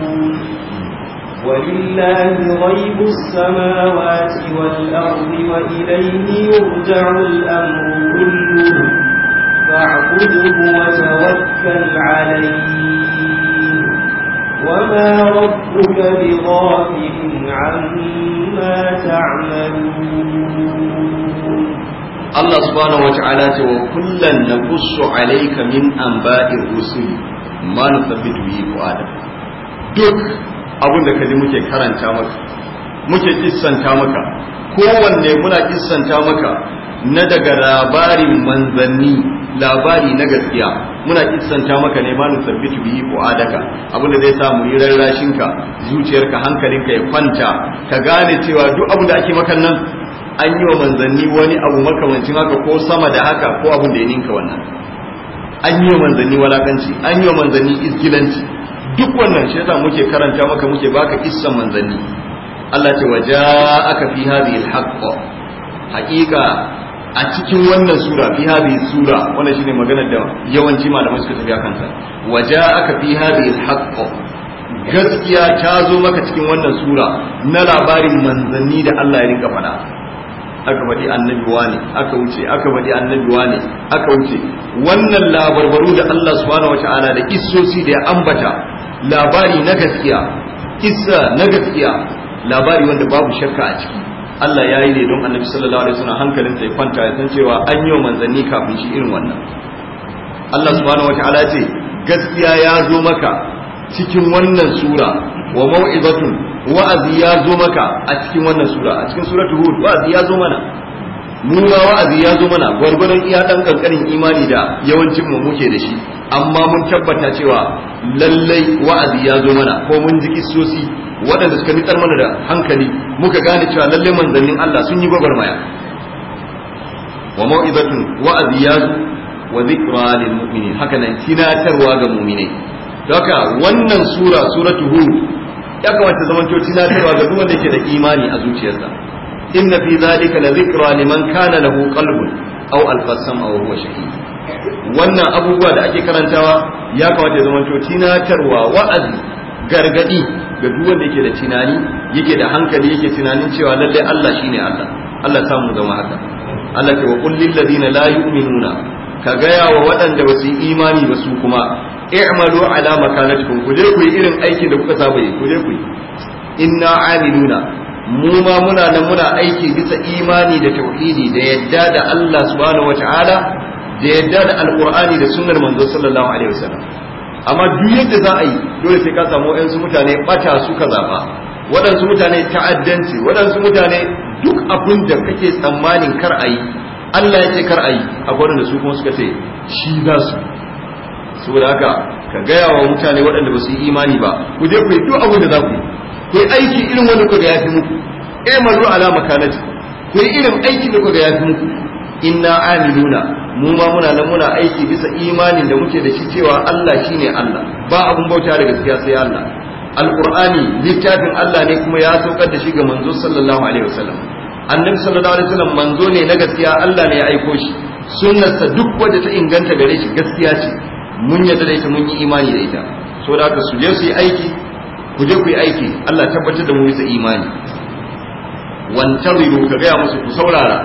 ولله غيب السماوات والأرض وإليه يرجع الأمر كله فاعبده وتوكل عليه وما ربك بغافل عما تعملون Allah subhanahu wa ta'ala ce wa kullan naqussu alayka min anba'ir rusuli ma nuthabbitu bihi fu'adak duk abin da kaji muke karanta maka muke kissanta maka kowanne muna kissanta maka na daga labarin manzanni labari na gaskiya muna kissanta maka ne ma nusabbitu bihi fu'adaka abin da zai sa mu yi rarrashin ka zuciyarka hankalinka ya kwanta ka gane cewa duk abin da ake maka nan an yi wa manzanni wani abu makamancin haka ko sama da haka ko abin da ya ninka wannan an yi wa manzanni walakanci an yi wa manzanni izgilanci duk wannan shi yasa muke karanta maka muke baka issan manzanni Allah ce wa ja'aka fi hadhihi al-haqq haqiqa a cikin wannan sura fi hadhihi sura wannan shine magana da yawanci malamai suka tafi akan sa wa ja'aka fi hadhihi al-haqq gaskiya ta zo maka cikin wannan sura na labarin manzanni da Allah ya rinka faɗa aka faɗi annabi ne aka wuce aka faɗi annabi ne aka wuce wannan labarbaru da Allah subhanahu wata'ala da kissosi da ya ambata labari na gaskiya kissa na gaskiya labari wanda babu shakka a ciki Allah ya yi ne don annabi sallallahu alaihi wasallam sa ya kwanta ya san cewa an yi manzanni kafin shi irin wannan Allah subhanahu wata'ala ce gaskiya ya zo maka cikin wannan sura wa mau'izatun wa'azi ya zo maka a cikin wannan sura a cikin ta hud wa'azi ya zo mana mu ma wa'azi ya zo mana gwargwadon iya dan kankanin imani da yawancin mu muke da shi amma mun tabbata cewa lallai wa'azi ya zo mana ko mun ji kissosi waɗanda suka nitsar mana da hankali muka gane cewa lallai manzannin Allah sun yi gwagwarmaya wa mau'izatun wa'azi ya zo wa zikra lil mu'minin haka nan tinatarwa ga mu'minai haka wannan sura suratu hud ya kamata zaman coci na tarwa ga duk wanda yake da imani a zuciyarsa inna fi zalika la zikra liman kana lahu qalbun aw alfasam aw huwa shahid wannan abubuwa da ake karantawa ya kamata zaman coci na tarwa wa'azi gargadi ga duk wanda yake da tunani yake da hankali yake tunanin cewa lalle Allah shine Allah Allah ya samu zama haka Allah ke wa kullil ladina la yu'minuna ka gaya wa waɗanda ba su imani ba su kuma i'malu ala makanatikum kuje je ku yi irin aikin da kuka saba yi kuje ku yi mu ma muna nan muna aiki bisa imani da tauhidi da yadda da Allah subhanahu wataala da yadda da alqur'ani da sunnar manzo sallallahu alaihi wasallam amma duk yadda za a yi dole sai ka samu su mutane bata suka zaba waɗansu mutane ta'addanci waɗansu mutane duk abin da kake tsammanin kar a yi Allah ya ce kar a yi a da su kuma suka ce shi za su saboda haka ka gaya wa mutane waɗanda ba su yi imani ba ku je ku yi duk abin da za ku yi ku yi aiki irin wanda kuka ga yafi muku imaru ala makanati ku yi irin aiki da kuka ga yafi muku inna aminuna mu ma muna nan muna aiki bisa imanin da muke da shi cewa Allah shine Allah ba abun bauta da gaskiya sai Allah alqur'ani littafin Allah ne kuma ya saukar da shi ga manzo sallallahu alaihi wasallam annabi sallallahu alaihi wasallam manzo ne na gaskiya Allah ne ya aiko shi sunnarsa duk wadda ta inganta gare shi gaskiya ce mun yadda da ita mun yi imani da ita so da haka su je su yi aiki ku je ku yi aiki Allah tabbatar da mu yi imani wantaziru ka gaya musu ku saurara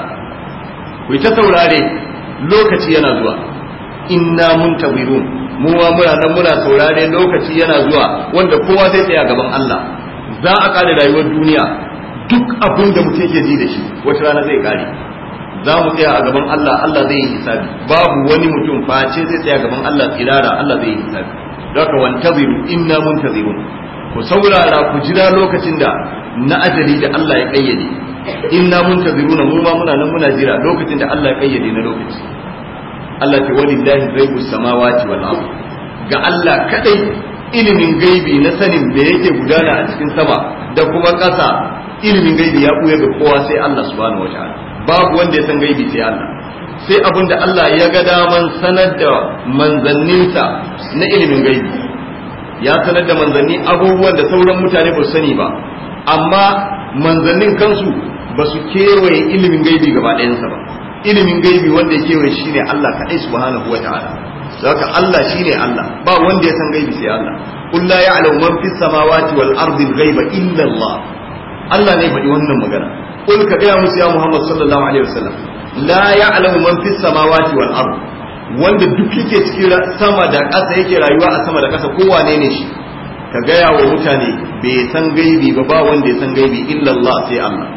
ku ta saurare lokaci yana zuwa inna muntazirun mu ma muna nan muna saurare lokaci yana zuwa wanda kowa zai tsaya gaban Allah za a kare rayuwar duniya duk abin da mutum ke ji da shi wata rana zai kare za mu tsaya a gaban Allah Allah zai yi hisabi babu wani mutum face zai tsaya gaban Allah tsirara Allah zai yi hisabi daga wantaziru inna muntazirun ku saurara ku jira lokacin da na ajali da Allah ya kayyade inna muntaziruna mu ma muna nan muna jira lokacin da Allah ya kayyade na lokaci Allah ta zai ghaibus samawati wal ard ga Allah kadai ilimin gaibi na sanin da yake gudana a cikin sama da kuma ƙasa ilimin gaibi ya buya ga kowa sai Allah subhanahu wataala babu wanda ya san gaibi sai Allah sai abin da Allah ya ga daman sanar da manzanninsa na ilimin gaibi ya sanar da manzanni abubuwan da sauran mutane ba su sani ba amma manzannin kansu ba su kewaye ilimin gaibi gaba ɗayansa ba ilimin gaibi wanda ya kewaye shine Allah kaɗai subhanahu wa ta'ala zaka Allah shine Allah ba wanda ya san gaibi sai Allah qul la ya'lamu man fis samawati wal ardi al-ghaiba illa Allah Allah ne faɗi wannan magana kul ka gaya musu ya Muhammad sallallahu alaihi wasallam la ya'lamu man fis samawati wal ard wanda duk yake cikin sama da ƙasa yake rayuwa a sama da ƙasa wane ne shi ka gaya wa mutane bai san gaibi ba ba wanda ya san gaibi illallah sai Allah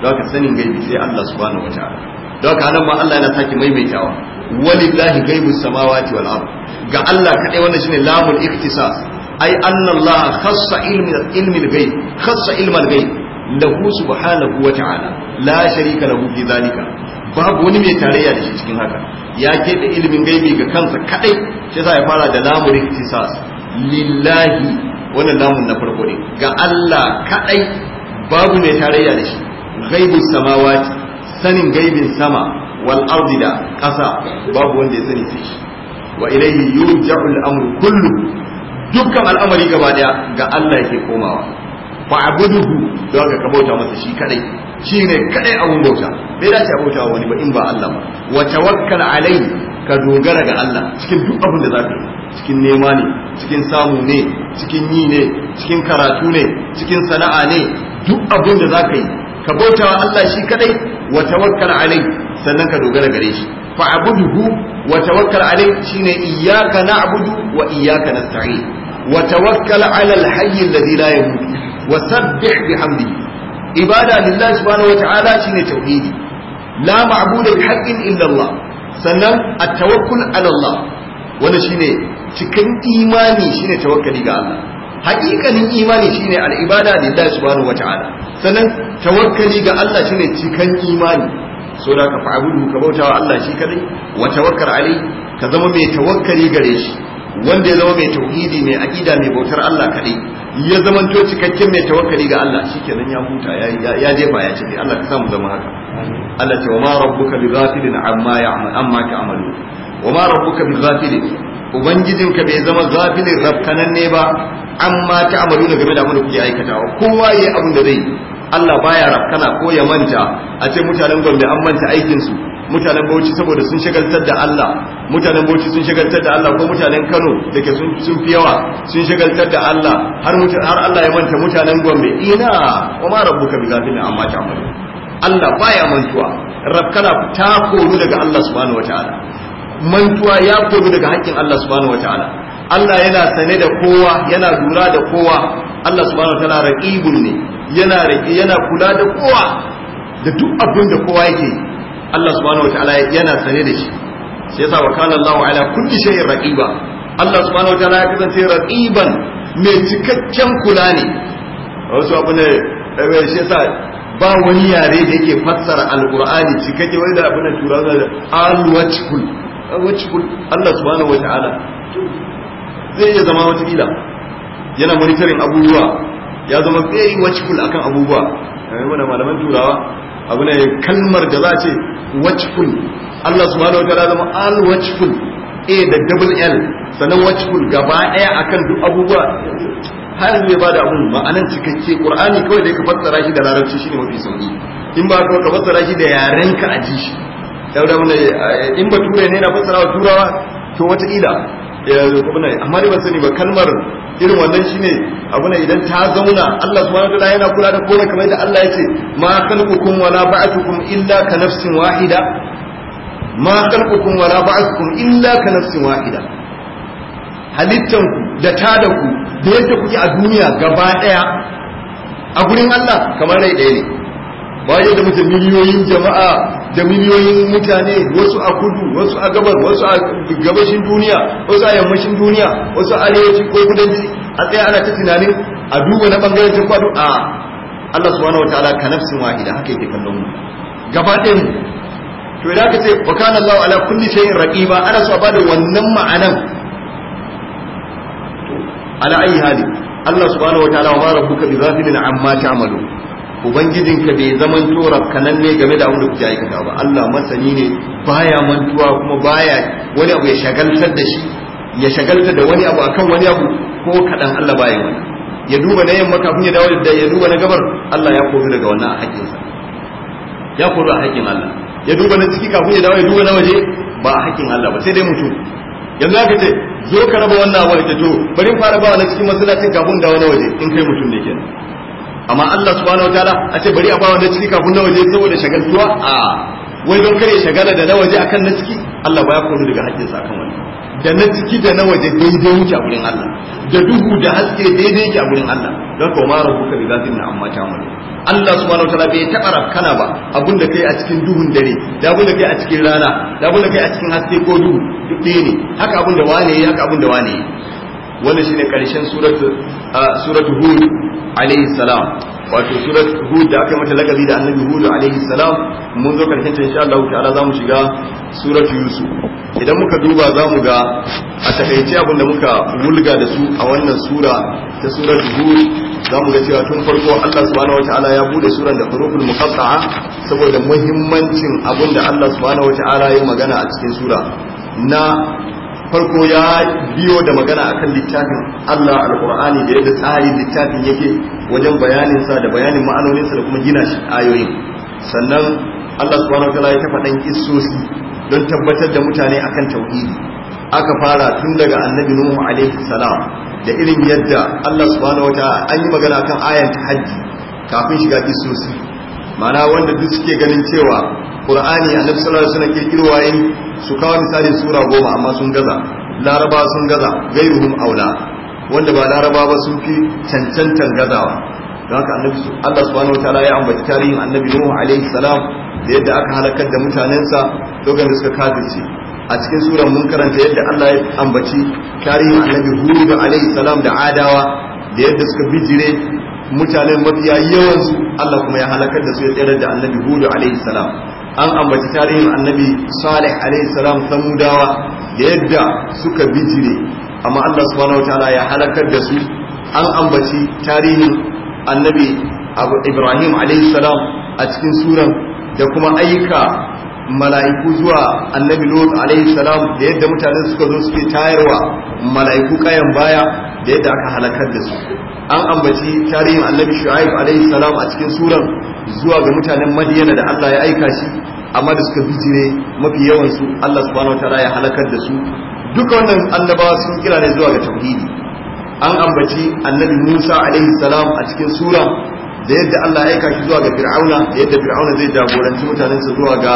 don ka sanin gaibi sai Allah subhanahu wataala don ka nan ma Allah yana sake maimaitawa walillahi gaibus samawati wal ard ga Allah kadai wannan shine lamul ikhtisas ai anna Allah khassa ilmi ilmi al-ghaib khassa ilmi al-ghaib lahu subhanahu wa ta'ala la sharika lahu fi zalika babu wani mai tarayya da shi cikin haka ya keɓe ilimin gaibi ga kansa kadai sai ya fara da lamun iktisas lillahi wannan lamun na farko ne ga Allah kadai babu mai tarayya da shi ghaibus samawati sanin gaibin sama wal ardi da ƙasa babu wanda ya sani sai shi wa ilayhi yurja'u al-amru kullu dukkan al'amari gaba daya ga Allah yake komawa fa abuduhu don ka bauta masa shi kadai shi ne kadai abun bauta bai dace bauta wani ba in ba Allah ba wa tawakkal alai ka dogara ga Allah cikin duk abin da zaka yi cikin nema ne cikin samu ne cikin yi ne cikin karatu ne cikin sana'a ne duk abin da zaka yi ka bauta wa Allah shi kadai wa tawakkal alai sannan ka dogara gare shi fa abuduhu wa tawakkal alai shine iyyaka na'budu wa iyyaka nasta'in wa tawakkal ala al-hayy alladhi la yamut wasabbih bihamdi ibada lillahi subhanahu wata'ala shine tauhidi la ma'budu bihaqqin illa Allah sannan at-tawakkul ala Allah wanda shine cikin imani shine tawakkali ga Allah haƙiƙanin imani shine al-ibada lillahi subhanahu wata'ala sannan tawakkali ga Allah shine cikin imani so da ka fa'abudu ka bauta wa Allah shi kadai wa tawakkal ka zama mai tawakkali gare shi wanda ya zama mai tauhidi mai aqida mai bautar Allah kadai ya zama to cikakken mai tawakkali ga Allah shikenan ya huta ya jefa ya ce Allah ka samu zama haka Allah ce wa ma rabbuka bi ghafilin amma ya'mal amma ta'malu wa ma rabbuka bi ghafilin ubangijinka bai zama ghafilin ne ba amma ta'malu ne game da abin da kuke aikatawa kowa yayi abin da zai Allah baya rafkana ko ya manta a ce mutanen Gombe an manta aikin su mutanen Bauchi saboda sun shagaltar da Allah mutanen Bauchi sun shagaltar da Allah ko mutanen Kano da ke sun fi yawa sun shagaltar da Allah har har Allah ya manta mutanen Gombe ina wa ma rabbuka bi ghafilin amma ta'malu Allah baya mantuwa rakkana ta koru daga Allah subhanahu wataala mantuwa ya koru daga haƙƙin Allah subhanahu wataala Allah yana sane da kowa yana lura da kowa Allah subhanahu wataala raqibun ne yana yana kula da kowa da duk abin da kowa yake Allah subhanahu wataala yana sane da shi sai yasa wa Allah ala kulli shay'in raqiba Allah subhanahu wataala ya kasance raqiban mai cikakken kula ne wasu abu ne eh, shi yasa ba wani yare da yake fassara alqur'ani cikakke wai da abin turawa da alwajhul alwajhul Allah subhanahu wataala zai iya zama wata kila yana monitoring abubuwa ya zama very watchful akan abubuwa kamar eh, mana malaman turawa abu ne kalmar da za ce watchful Allah subhanahu wataala zama al watchful a da double l sannan watchful gaba daya akan duk abubuwa har zai ba da abun ma'anan cikakke qur'ani kawai da ka fassara shi da larabci shine mafi sauki in ba ka fassara shi da yarenka a ji shi dauda mun eh, in ba turai ne na fassara turawa to wata ila amma dai ban sani ba kalmar irin wannan shine abuna idan ta zauna Allah subhanahu wataala yana kula da kowa, kamar yadda Allah yace ma khalqukum wala ba'athukum illa ka nafsin wahida ma khalqukum wala ba'athukum illa ka nafsin wahida halittan ku da ta da ku da yadda kuke a duniya gaba daya a gurin Allah kamar rai daya ne waye da mutum miliyoyin jama'a da miliyoyin mutane wasu a kudu wasu a gabar wasu a gabashin duniya wasu a yammacin duniya wasu a arewaci ko kudanci a tsaye ana ta tunanin a duba na bangaren jin kwado a Allah subhanahu wataala ka nafsin wahida haka yake kallon mu gaba ɗin to idan ka ce wa kana Allah ala kulli shay'in raqiba ana so a bada wannan ma'anan ala ayi hali Allah subhanahu wataala wa ma rabbuka bi ghafilin amma ta'malu ubangijinka bai zaman tora kanan ne game da abin da kuke aikata ba Allah masani ne baya mantuwa kuma baya wani abu ya shagaltar da shi ya shagaltar da wani abu akan wani abu ko kadan Allah baya yi ya duba na yamma kafin ya dawo da ya duba na gabar Allah ya kofi daga wannan hakkin sa ya kofi a hakkin Allah ya duba na ciki kafin ya dawo ya duba na waje ba a haƙƙin Allah ba sai dai mutum yanzu aka ce zo ka raba wannan abu da to bari fara ba na cikin masallacin kafin dawo na waje in kai mutum ne kenan amma Allah subhanahu ta'ala a ce bari a bawa na ciki kafin na waje saboda shagaltuwa a wai don kare shagala da na waje akan na ciki Allah ba ya koro daga sa kan wani da na ciki da na waje daidai yake a wurin Allah da duhu da haske daidai yake a wurin Allah don ko ma rabbuka bi zatin na amma ta mun Allah subhanahu ta'ala bai taba rafkana ba abinda kai a cikin duhun dare da abinda kai a cikin rana da abinda kai a cikin haske ko duhu duk ɗaya ne haka abinda wane haka abinda wane wannan shine karshen suratu suratu hud alaihi salam wato suratu hud da aka mata lakabi da annabi hud alaihi salam mun zo karshen ta insha Allah ta'ala zamu shiga suratu yusuf idan muka duba zamu ga a takaice abin da muka wulga da su a wannan sura ta suratu hud zamu ga cewa tun farko Allah subhanahu wataala ya bude suran da furuful muqatta'a saboda muhimmancin abin da Allah subhanahu wataala ya magana a cikin sura na farko ya biyo da magana akan littafin Allah Al-Qur'ani da yadda tsarin littafin yake wajen bayanin sa da bayanin ma'anonin sa da kuma gina shi ayoyin sannan Allah subhanahu wa ta'ala ya tafa dan kissosi don tabbatar da mutane akan tauhidi aka fara tun daga annabi nuhu alaihi salam da irin yadda Allah subhanahu wa ta'ala an yi magana akan ayan hajji kafin shiga kissosi ma'ana wanda duk suke ganin cewa qur'ani annabi sallallahu alaihi wasallam kirkirwa yin su kawo misali sura goma amma sun gaza laraba sun gaza gairuhum aula wanda ba laraba ba sun fi cancantan gazawa don haka annabi Allah subhanahu wataala ya ambaci tarihin annabi Nuhu alaihi salam da yadda aka halakar da mutanensa lokacin da suka kafirce a cikin sura mun karanta yadda Allah ya ambaci tarihin annabi Hud alaihi salam da Adawa da yadda suka bijire mutane mafiya yawansu Allah kuma ya halakar da su ya tsere da annabi hudu alaihi salam an ambaci tarihin annabi salih alaihi salam samudawa da yadda suka bijire amma Allah subhanahu Taala ya halakar da su an ambaci tarihin annabi ibrahim alaihi salam a cikin suran da kuma ayyuka mala'iku zuwa annabi lot alaihi salam da yadda mutane suka zo suke tayarwa mala'iku kayan baya da yadda aka halakar da su an ambaci tarihin annabi shu'aib alaihi salam a cikin suran zuwa ga mutanen madiyana da Allah ya aika shi amma da suka bijire mafi yawan su Allah subhanahu wataala ya halakar da su duka wannan annabawa sun kira ne zuwa ga tauhidi an ambaci annabi Musa alaihi salam a cikin sura da yadda Allah ya aika shi zuwa ga Fir'auna da yadda Fir'auna zai jagoranci mutanensa zuwa ga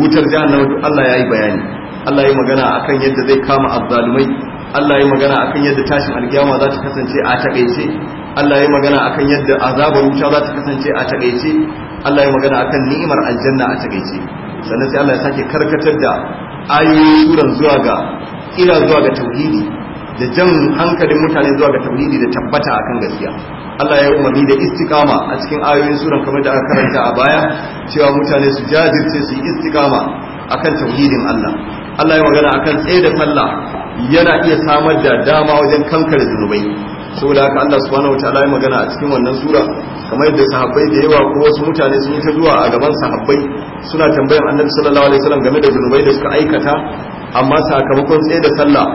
wutar jahannama duk Allah ya yi bayani Allah ya magana akan yadda zai kama azzalumai Allah ya magana akan yadda tashin alkiyama za ta kasance a takaice Allah ya magana akan yadda azabar wuta za ta kasance a takaice Allah ya magana akan ni'imar aljanna a takaice sannan sai Allah ya sake karkatar da ayoyin suran zuwa ga kira zuwa ga tauhidi da jan hankalin mutane zuwa ga tauhidi da tabbata akan gaskiya Allah ya umarni da istiqama a cikin ayoyin suran kamar da aka karanta a baya cewa mutane su jajirce su yi istiqama akan tauhidin Allah Allah ya magana akan tsaye da sallah yana iya samar da dama wajen kankare zunubai saboda haka Allah subhanahu wataala ya magana a cikin wannan sura kamar yadda sahabbai da yawa ko wasu mutane sun yi ta zuwa a gaban sahabbai suna tambayar Annabi sallallahu alaihi wasallam game da zunubai da suka aikata amma sakamakon tsaye da sallah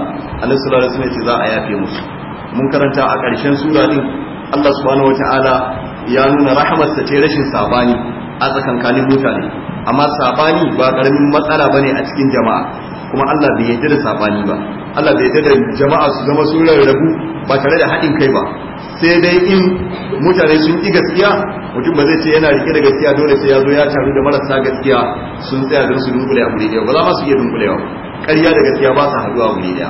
Annabi sallallahu alaihi wasallam ya ce za a yafe musu mun karanta a ƙarshen sura din Allah subhanahu wataala ya nuna rahamarsa ce rashin sabani a tsakankanin mutane amma sabani ba karamin matsala bane a cikin jama'a kuma Allah bai yarda da sabani ba Allah bai yarda da jama'a su zama sun rabu ba tare da haɗin kai ba sai dai in mutane sun ki gaskiya mutum ba zai ce yana rike da gaskiya dole sai ya zo ya taru da marasa gaskiya sun tsaya don su dunkule a gure ba za ma su iya ba. ƙarya da gaskiya ba su haɗuwa a ɗaya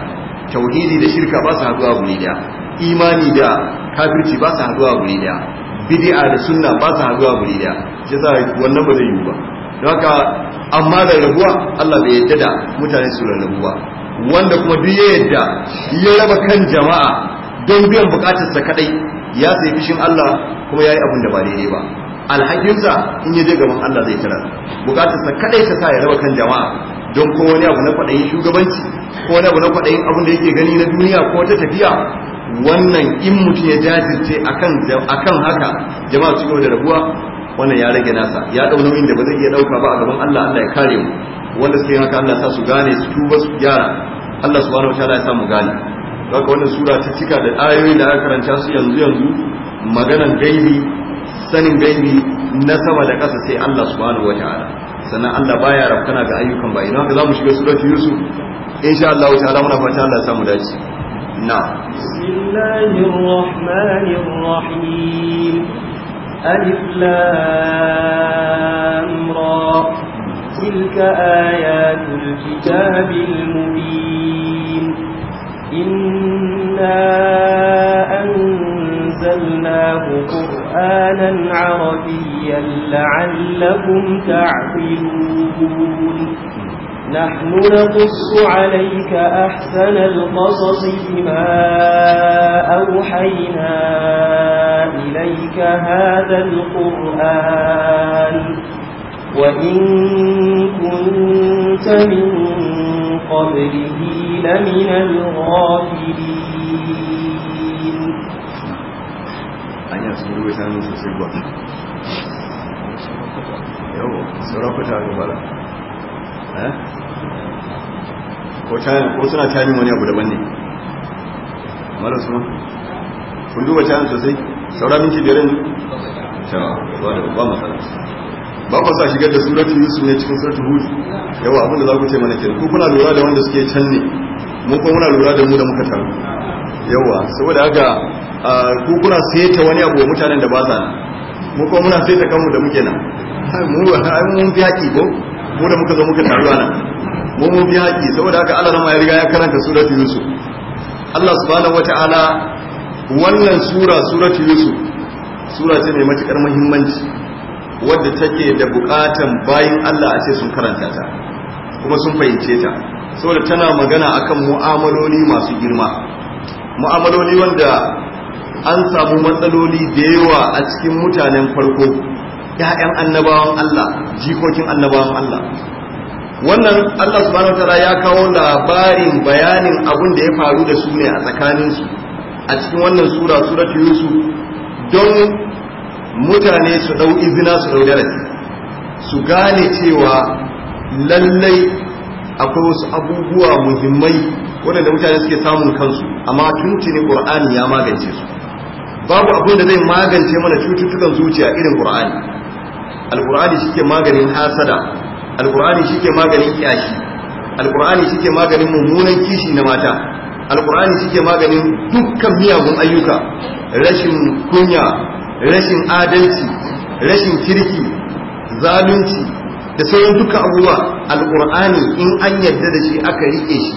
tauhidi da shirka ba su haɗuwa a ɗaya imani da kafirci ba su haɗuwa a ɗaya bid'a da sunna ba su haɗuwa a ɗaya shi yasa wannan ba zai yiwu ba don haka amma rabuwa Allah bai yadda da mutane su rabuwa. wanda kuma duk ya yadda ya raba kan jama'a don biyan bukatarsa kadai ya sai fishin Allah kuma yayi abin da ba daidai ba alhakinsa in ya je gaban Allah zai tara bukatarsa kadai ta sa ya raba kan jama'a don ko wani abu na yin shugabanci ko wani abu na yin abin da yake gani na duniya ko ta tafiya wannan in mutum ya jajirce akan akan haka jama'a su da rabuwa wannan ya rage nasa ya dau nauyin da ba zai iya dauka ba a gaban Allah Allah ya kare mu wanda suke haka Allah sa su gane su tuba su gyara Allah subhanahu wataala ya sa mu gane kaga wannan sura ta cika da ayoyi da aka karanta su yanzu yanzu maganan gaibi sanin gaibi na sama da ƙasa sai Allah subhanahu wataala sannan Allah baya rafkana ga ayyukan ba ina haka zamu shiga suratul yusuf insha Allah ta'ala muna fata Allah ya sa mu dace na bismillahir rahmanir rahim ألف لامرا تلك آيات الكتاب المبين إنا أنزلناه قرآنا عربيا لعلكم تعقلون نحن نقص عليك أحسن القصص بما أوحينا إليك هذا القرآن وإن كنت من قبله لمن الغافلين أنا أسمع لسانه سيبوا يوم سورة كتاب الملك ها ko tayin ko suna tayin wani abu daban ne mara su kun duba tayin sosai saura minti biyar ne cewa ba da ba masala ba ku sa shigar da suratul yusuf ne cikin suratul hud yawa abin da za ku ce mana kenan ku kuna lura da wanda suke can ne mu kuma muna lura da mu da muka taru yawa saboda haka ku kuna saita wani abu wa mutanen da ba sa mu kuma muna saita kanmu da muke nan mu mun fi haƙi ko mu da muka zo muka taru nan mu mun haƙi saboda haka Allah ya riga ya karanta suratul yusuf Allah subhanahu wataala wannan sura suratul yusuf sura ce mai matukar muhimmanci wadda take da buƙatan bayin Allah a ce sun karanta ta kuma sun fahimce ta saboda tana magana akan mu'amaloli masu girma mu'amaloli wanda an samu matsaloli da yawa a cikin mutanen farko 'ya'yan annabawan Allah jikokin annabawan Allah wannan Allah subhanahu ya kawo labarin bayanin abin da ya faru da su ne a tsakanin su a cikin wannan sura ta yusuf don mutane su dau izina su dau darasi su gane cewa lallai akwai wasu abubuwa muhimmai waɗanda mutane suke samun kansu amma tuntuni qur'ani ya magance su babu abin da zai magance mana cututtukan zuciya irin qur'ani shi shike maganin hasada alkur'ani shi ke maganin kiyashi alkur'ani shi ke maganin mummunan kishi na mata alkur'ani shi ke maganin dukkan miyagun ayyuka rashin kunya rashin adalci rashin kirki zalunci da sauran dukkan abubuwa alkur'ani in an yarda da shi aka rike shi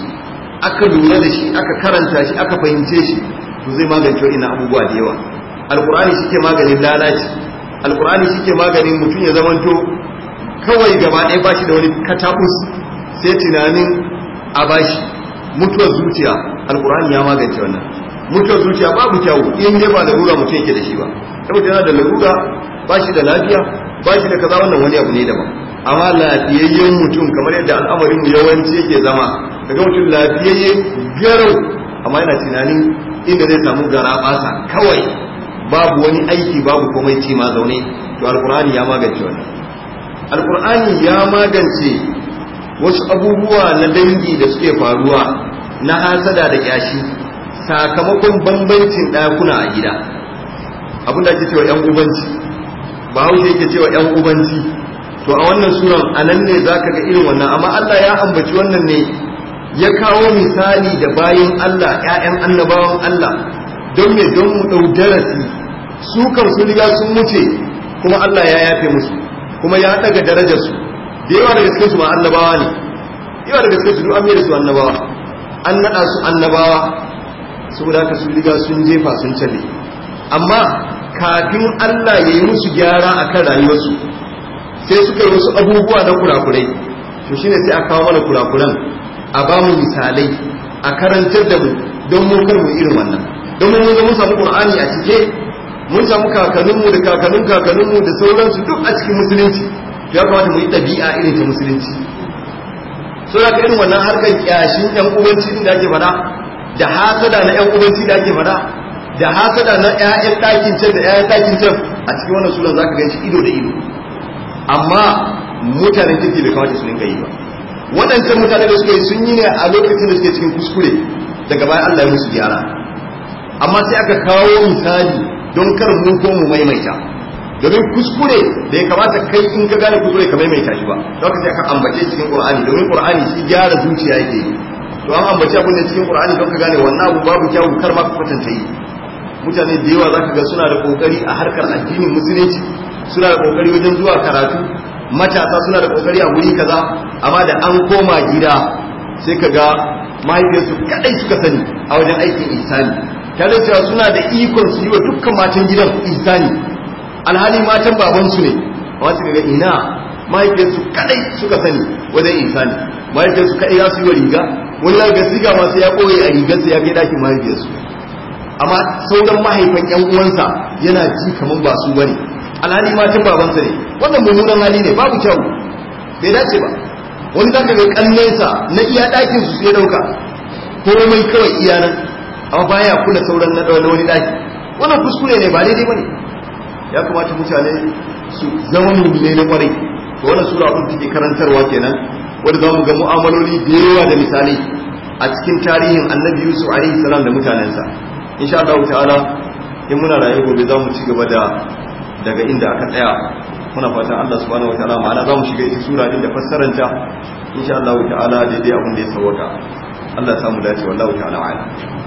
aka lura da shi aka karanta shi aka fahimce shi to zai magance ina abubuwa da yawa alkur'ani shi ke maganin lalaci alkur'ani shi ke maganin mutum ya zamanto kawai gaba ɗaya shi da wani katakus sai tunanin a ba shi. mutuwar zuciya alkur'ani ya magance wannan mutuwar zuciya babu kyau, in dai ba larura mutum ke da shi ba saboda yana da ba shi da lafiya ba shi da kaza wannan wani abu ne daban amma lafiyayyen mutum kamar yadda al'amarin yawanci yake zama daga mutum lafiyayye garau amma yana tunanin inda zai samu gara basa kawai babu wani aiki babu komai ci ma zaune to alkur'ani ya magance wannan alkur'ani ya magance wasu abubuwa na dangi da suke faruwa na hasada da kyashi sakamakon bambancin ɗakuna a gida abinda ake cewa yan ubanci ba haushe yake cewa yan ubanci to a wannan suran anan ne za ka ga irin wannan amma allah ya ambaci wannan ne ya kawo misali da bayan allah 'ya'yan annabawan allah don me don mu ɗau darasi su kan sun sun wuce kuma allah ya yafe musu kuma ya daga darajar su da yawa daga cikin su ma annabawa ne yawa daga cikin su duk an da su annabawa an nada su annabawa saboda haka su riga sun jefa sun cale amma kafin Allah ya yi musu gyara akan rayuwarsu sai suka yi wasu abubuwa na kurakurai to shine sai a kawo mana kurakuran a ba mu misalai a karantar da mu don mu kar mu irin wannan don mu zama samu qur'ani a cike mun samu kakanninmu da kakannin kakanninmu da sauransu duk a cikin musulunci ya kamata mu yi ɗabi'a irin ta musulunci so da irin wannan harkar kyashin yan ubanci da ake fada da hasada na yan ubanci da ake fada da hasada na ƴaƴan ɗakin can da ƴaƴan ɗakin can a cikin wannan sunan zaka ganci ido da ido amma mutane jiki bai kamata su rinka yi ba waɗancan mutane da suka yi sun yi ne a lokacin da suke cikin kuskure daga bayan Allah ya musu gyara amma sai aka kawo misali don kar mu ko mu maimaita domin kuskure da ya kamata kai in ka gane kuskure ka maimaita shi ba don ka sai ka ambace cikin qur'ani domin qur'ani shi gyara zuciya yake to an ambace abin da cikin qur'ani don ka gane wannan abu babu kyau kar ma ka kwatanta yi mutane da yawa zaka ga suna da kokari a harkar addinin musulunci suna da kokari wajen zuwa karatu matasa suna da kokari a wuri kaza amma da an koma gida sai ka ga mahaifiyarsu kadai suka sani a wajen aikin ihsani tare da suna da ikon su yi wa dukkan matan gidan ihsani alhali matan babansu ne A su ga ina mahaifiyarsu kadai suka sani wajen ihsani mahaifiyarsu kadai za su yi wa riga wani ga siga masu ya koye a rigarsa ya kai dakin mahaifiyarsu amma sauran mahaifan yan uwansa yana ji kaman ba su bane alhali matan babansa ne wannan mummunan hali ne babu kyau bai dace ba wani zaka ga sa na iya dakin su sai dauka komai kawai iyanan amma baya kula sauran na wani daki wannan kuskure ne ba daidai bane ya kamata mutane su zama mummune na kwarai to wannan sura abin take karantarwa kenan wanda zamu ga mu'amaloli da yawa da misali a cikin tarihin annabi yusuf alaihi salam da mutanensa insha Allah ta'ala in muna rayu gobe za mu ci gaba da daga inda aka tsaya muna fata Allah subhanahu wataala ma'ana za mu shiga ita sura din da fassaranta insha Allah ta'ala daidai abin da ya sawaka Allah ya samu dace wallahu ta'ala a'lam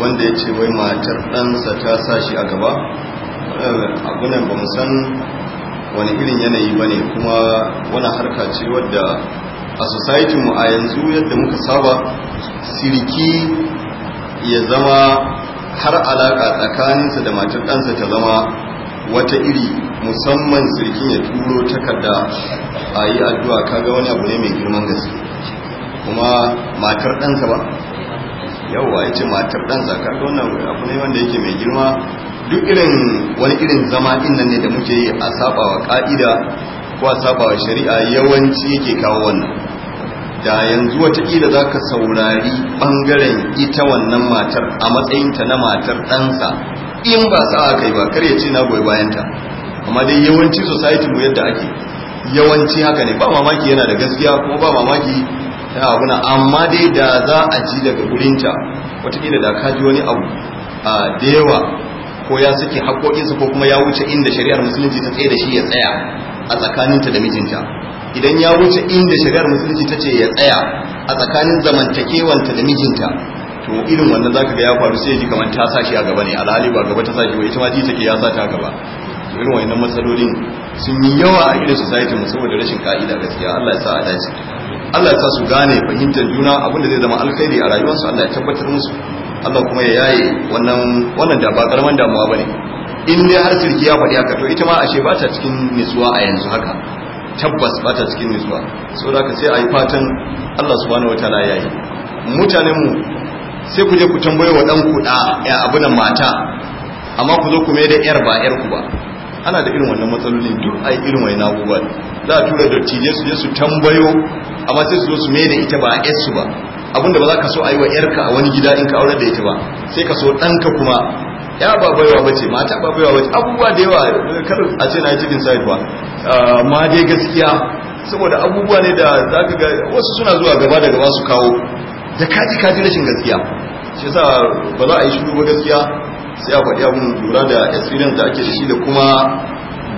wanda ya ce wai matar ɗansa ta sa shi a gaba abunan ba san wani irin yanayi ba ne kuma wani harka ce wadda a society mu a yanzu yadda muka saba siriki ya zama har alaka tsakaninsa da matar ɗansa ta zama wata iri musamman sirkin ya turo takarda a yi addu'a kaga wani abu ne mai girman gaske kuma matar ɗansa ba yawa ya ce matar dan zaka wannan abu ne wanda yake mai girma duk irin wani irin zama din nan ne da muke yi a sabawa ka'ida ko a sabawa shari'a yawanci yake kawo wannan da yanzu watakila za ka saurari bangaren ita wannan matar a matsayinta na matar ɗansa in ba sa'a kai ba kar ya ce na goyi bayanta amma dai yawanci society mu yadda ake yawanci haka ne ba mamaki yana da gaskiya kuma ba mamaki ta abuna amma dai da za a ji daga gurinta watakila da ka ji wani abu a da yawa ko ya suke haƙoƙinsa ko kuma ya wuce inda shari'ar musulunci ta tsaye da shi ya tsaya a tsakaninta da mijinta idan ya wuce inda shari'ar musulunci ta ce ya tsaya a tsakanin zamantakewanta da mijinta to irin wannan zaka ga ya faru sai ji kamar ta sashi a gaba ne alhali ba gaba ta sashi ba ita ma ji take ya sa ta gaba to irin wannan matsalolin sun yi yawa a irin society mu saboda rashin ka'ida gaskiya Allah ya sa a dace Allah ya sa su gane fahimtar juna abin da zai zama alkhairi a rayuwarsu Allah ya tabbatar musu Allah kuma ya yaye wannan wannan da ba karaman damuwa bane in dai har sirki ya faɗi haka to ita ma ashe ba ta cikin nutsuwa a yanzu haka tabbas ba ta cikin nutsuwa saboda ka sai a yi fatan Allah subhanahu wataala ya yi mutanen mu sai ku je ku tambaye wa dan ku ɗa ya abu mata amma ku zo ku mai da yar ba yar ku ba ana da irin wannan matsaloli duk a irin wani abubuwa za a tura dattijai su je su tambayo amma sai su zo su mai da ita ba a su ba abinda ba za ka so a yi wa yarka a wani gida in ka aure da ita ba sai ka so ɗanka kuma ya ba baiwa mata ba baiwa abubuwa da yawa kar a ce na yi cikin side ba ma dai gaskiya saboda abubuwa ne da za ka ga wasu suna zuwa gaba da gaba su kawo da kaji kaji rashin gaskiya shi ba za a yi shi ba gaskiya sai a faɗi abin lura da experience da ake shi da kuma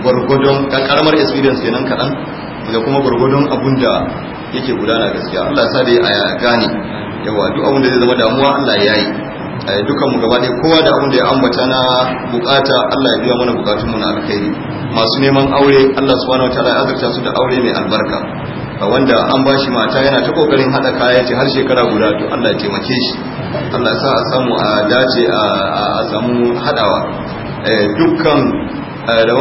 gwargwadon ɗan ƙaramar experience kenan kaɗan da kuma gwargwadon abun da yake gudana gaskiya Allah ya sa da ya gane yawa duk abun da zai zama damuwa Allah ya yi a dukan mu gaba ɗaya kowa da abun da ya ambata na bukata Allah ya biya mana bukatun mu na alkhairi masu neman aure Allah subhanahu wataala ya azurta su da aure mai albarka wanda an ba shi mata yana ta kokarin hada kaya ce har shekara guda to Allah ya taimake shi Allah sa a samu a dace a samu hadawa eh, dukkan eh,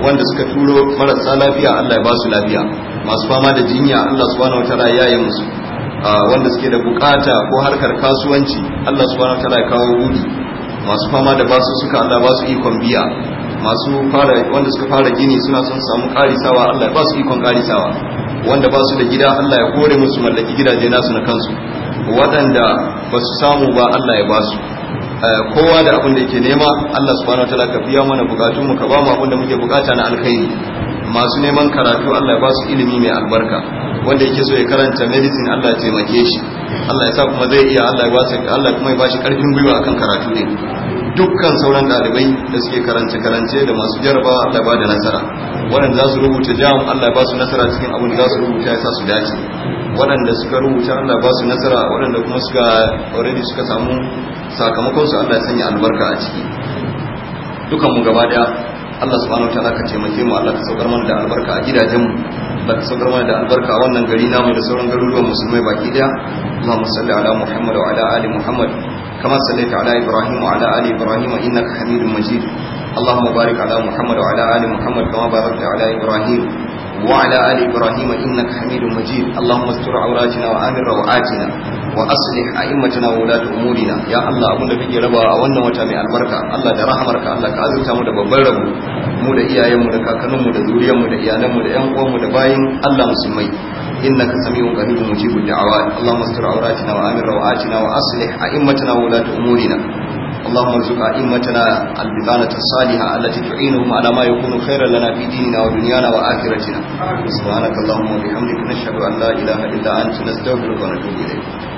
wanda suka turo marasa lafiya Allah ya ba su lafiya masu fama da jinya Allah subhanahu wataala ya yi musu wanda suke da bukata ko harkar kasuwanci Allah subhanahu wataala ya kawo gudi masu fama da basu suka Allah ba su ikon biya masu fara wanda suka fara gini suna son samu karisawa Allah ba su ikon karisawa wanda ba su da gida Allah ya kore musu mallaki gidaje nasu na kansu waɗanda ba su samu ba Allah ya ba su eh, kowa da abin da yake nema Allah subhanahu wataala ka biya mana bukatun mu ka ba mu abin da muke bukata na alkhairi masu neman karatu Allah ya ba su ilimi mai albarka wanda yake so ya karanta medicine Allah ya taimake shi Allah ya sa kuma zai iya Allah ya ba shi Allah kuma ya ba shi karfin gwiwa akan karatu ne dukkan sauran dalibai da suke karance karance da masu jarba Allah ba da nasara waɗanda za su rubuta jam Allah ba su nasara cikin abin da za su rubuta ya sa su dace waɗanda suka rubuta Allah ba su nasara waɗanda kuma suka already suka samu sakamakon su Allah ya sanya albarka a ciki dukan mu gaba daya Allah subhanahu ta'ala ka taimake mu Allah ka saukar mana da albarka a gidajen mu Allah ka saukar mana da albarka a wannan gari namu da sauran garuruwan musulmai baki daya Allahumma salli ala Muhammad wa ala ali Muhammad كما صليت على إبراهيم وعلى آل إبراهيم إنك حميد مجيد اللهم بارك على محمد وعلى آل محمد كما باركت على إبراهيم وعلى آل إبراهيم إنك حميد مجيد اللهم استر عوراتنا وآمن روعاتنا وأصلح أئمتنا وولاة أمورنا يا الله أبونا بيجي ربا أولنا وتامي البركة الله دا مركة الله كأذر تامو ببرب مود مو دا إيايا مود دا كاكنو مو دا ذوريا مود إيانا مو دا ينقوى باين الله مسلمين إنك سميع قريب مجيب الدعوات اللهم استر عوراتنا وآمن روعاتنا وأصلح أئمتنا وولاة أمورنا اللهم ارزق أئمتنا البطانة الصالحة التي تعينهم على ما يكون خيرا لنا في ديننا ودنيانا وآخرتنا سبحانك اللهم وبحمدك نشهد أن لا إله إلا أنت نستغفرك ونتوب إليك